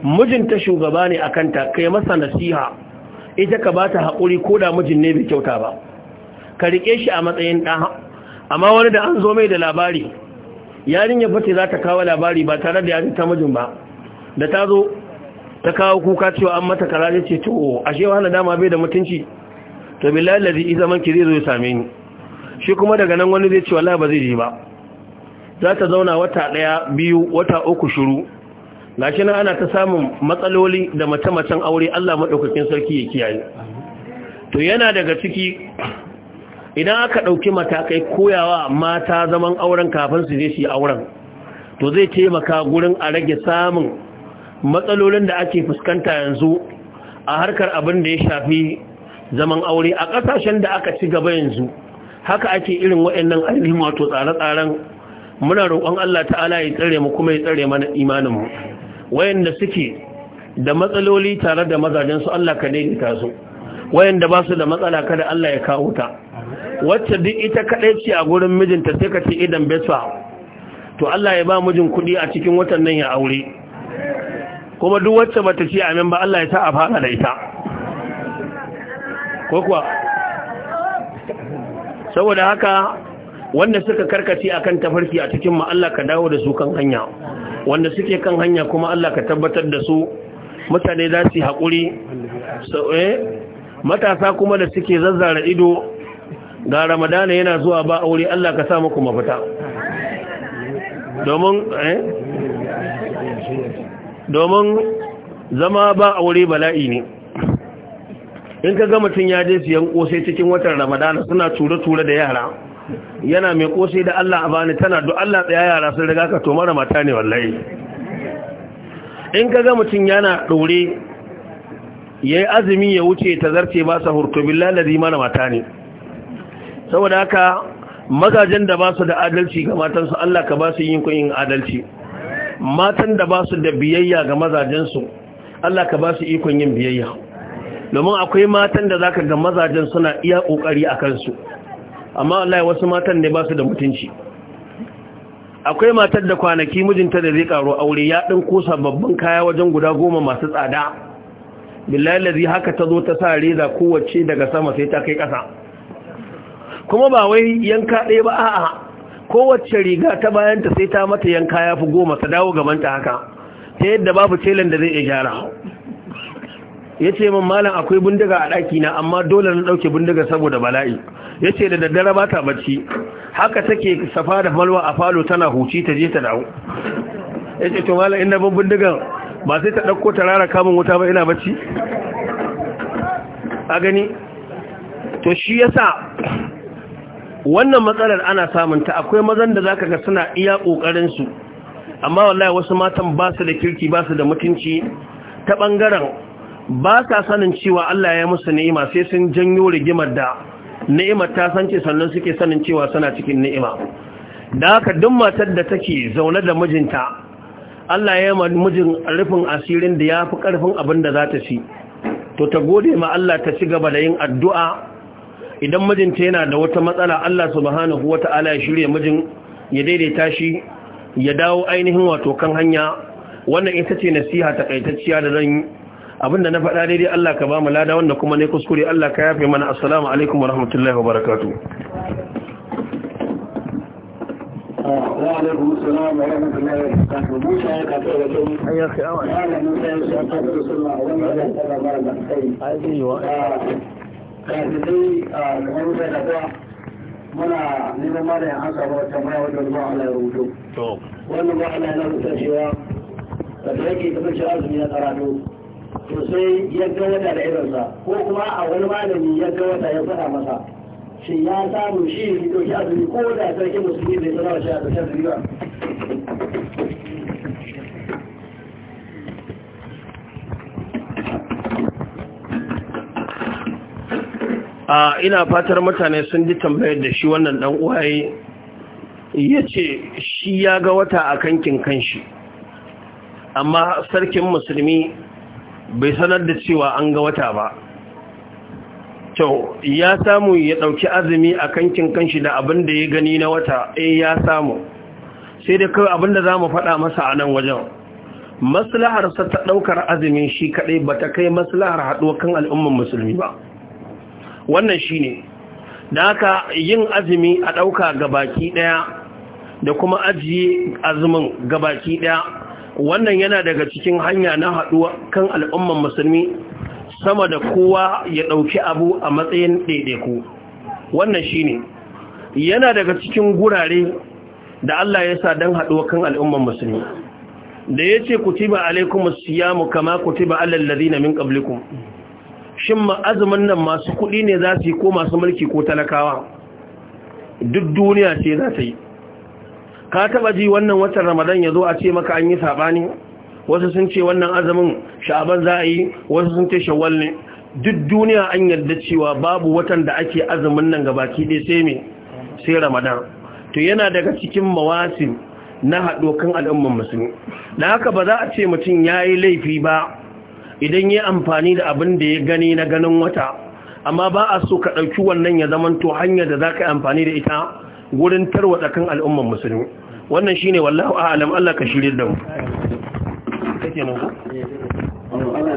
Speaker 2: mijinta shugaba ne a kanta kai masa nasiha ita ka ba ta haƙuri ko da mijin ne bai kyauta ba ka riƙe shi a matsayin ɗan amma wani da an zo mai da labari yarinya bace za ta kawo labari ba tare da yarin ta mijin ba da ta zo ta kawo kuka cewa an mata kaza ce to ashe wahala dama bai da mutunci to billahi zaman zai zo ya same ni shi kuma daga nan wani zai ce wallahi ba zai je ba za ta zauna wata daya biyu wata uku shiru gashi nan ana ta samun matsaloli da mace-macen aure Allah maɗaukakin sarki ya kiyaye to yana daga ciki idan aka ɗauki matakai koyawa mata zaman auren kafin su je shi auren to zai taimaka gurin a rage samun matsalolin da ake fuskanta yanzu a harkar abin da ya shafi zaman aure a kasashen da aka ci gaba yanzu haka ake irin waɗannan ainihin wato tsare-tsaren muna roƙon Allah ta'ala ya tsare mu kuma ya tsare mana imanin mu wayanda suke da matsaloli tare da mazajen su Allah ka ta su wayanda ba su da matsala kada Allah ya kawo ta wacce duk ita kadai ce a gurin mijinta sai ka ce idan besa to Allah ya ba mijin kuɗi a cikin watan nan ya aure kuma duk wacce bata ci amin ba Allah ya sa a fara da ita ko kuwa saboda haka wanda suka karkace akan tafarki a cikin mu Allah ka dawo da su kan hanya wanda suke kan hanya kuma Allah ka tabbatar da su mutane za su haƙuri eh, matasa kuma da suke zazzara ido ga ramadana yana zuwa ba aure Allah ka sa muku mafita domin eh, domin zama ba aure bala'i ne in ka ga mutum ya je siyan kosai cikin watan ramadana suna ture-ture da yara yana mai kosai da Allah a bani tana duk Allah tsaya yara sun riga ka to mara mata ne wallahi in ka ga mutum yana ɗore ya yi azumi ya wuce ta zarce ba sa hurto billahi mara mata ne saboda haka mazajen da ba su da adalci ga matansu Allah ka ba su yin kun adalci matan da ba su da biyayya ga mazajensu Allah ka ba su ikon yin biyayya domin akwai matan da zaka ga mazajen suna iya kokari a kansu amma wallahi wasu matan ne ba su da mutunci akwai matar da kwanaki mijinta da zai karo aure ya kusa babban kaya wajen guda goma masu tsada billahi lazi haka ta zo ta sa reza kowace daga sama sai ta kai kasa kuma ba wai yanka ɗaya ba a'a kowace riga ta bayanta sai ta mata yanka ya fi goma ta dawo gaban ta haka ta yadda babu telan da zai iya gyara ya ce min malam akwai bindiga a ɗakina amma dole na ɗauke bindiga saboda bala'i ya ce da daddare ba ta bacci haka take safa da malwa a falo tana huci ta je ta dawo ya ce to malam ina bin bindigan ba sai ta ɗauko ta rara kamun wuta ba ina bacci a gani to shi yasa wannan matsalar ana samunta akwai mazan da zaka ga suna iya ƙoƙarinsu amma wallahi wasu matan ba su da kirki ba su da mutunci ta ɓangaren ba sa sanin cewa Allah ya musu ni'ima sai sun janyo rigimar da ni'imar ta sance sannan suke sanin cewa suna cikin ni'ima da haka duk matar da take zaune da mijinta Allah ya yi mijin rufin asirin da ya fi ƙarfin abin da za ta ci to ta gode ma Allah ta ci gaba da yin addu'a idan mijinta yana da wata matsala Allah subhanahu wata'ala ya shirya mijin ya daidaita shi ya dawo ainihin wato kan hanya wannan ita ce nasiha takaitacciya da zan yi abinda na faɗa daidai Allah ka ba mu lada wanda kuma ne kuskure Allah ka yafe mana assalamu alaikum wa rahmatullahi wa barakatuh muna neman mara yin haka ba wata mara wajen ba ala rubutu wannan ba ala yana rubuta cewa da ta yake ta mace azumi na karatu to sai ya ga wata da irinsa ko kuma a wani malami ya ga wata ya faɗa masa shi ya samu shi ya ɗauki azumi ko da sarki musulmi bai sanar shi a ɗauki azumi ba a ina fatar mutane sun ji tambayar da shi wannan dan uwaye ya ce shi ya ga wata a kankin kanshi amma sarkin musulmi bai sanar da cewa an ga wata ba kyau ya samu ya ɗauki azumi a kankin kanshi da abin da ya gani na wata eh ya samu sai da kawai abin da za mu faɗa masa a nan wajen maslaharsa ta ɗaukar azumin shi kaɗai ba ta kai maslahar haɗuwa kan al'umman musulmi ba wannan shi ne da haka yin azumi a ɗauka baki ɗaya da kuma ajiye azumin baki ɗaya wannan yana daga cikin hanya na haɗuwa kan al'umman musulmi sama da kowa ya ɗauki abu a matsayin ɗaiɗaiku wannan shi ne yana daga cikin gurare da Allah ya sa don haɗuwa kan al'umman musulmi da ya ce kutiba alaikum siyamu kama kutiba alallazi na min ƙablikum shin ma'azumin nan masu kuɗi ne za su yi ko masu mulki ko talakawa duk duniya ce za ta yi ka taba ji wannan watan ramadan ya zo a ce maka an yi saɓani wasu sun ce wannan azumin sha'aban za a yi wasu sun ce shawal ne duk duniya an yarda cewa babu watan da ake azumin nan gabaki ɗaya sai me sai ramadan to yana daga cikin mawasin na haɗo kan al'umman musulmi da haka ba za a ce mutum ya yi laifi ba idan ya amfani da abin da ya gani na ganin wata amma ba a so ka ɗauki wannan ya zamanto hanyar da za ka yi amfani da ita gurin tarwatsakan kan al'umman musulmi wannan shine wallahu a'lam Allah ka shirye da mu kake nan ko
Speaker 3: Allah ya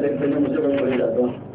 Speaker 3: saka mana da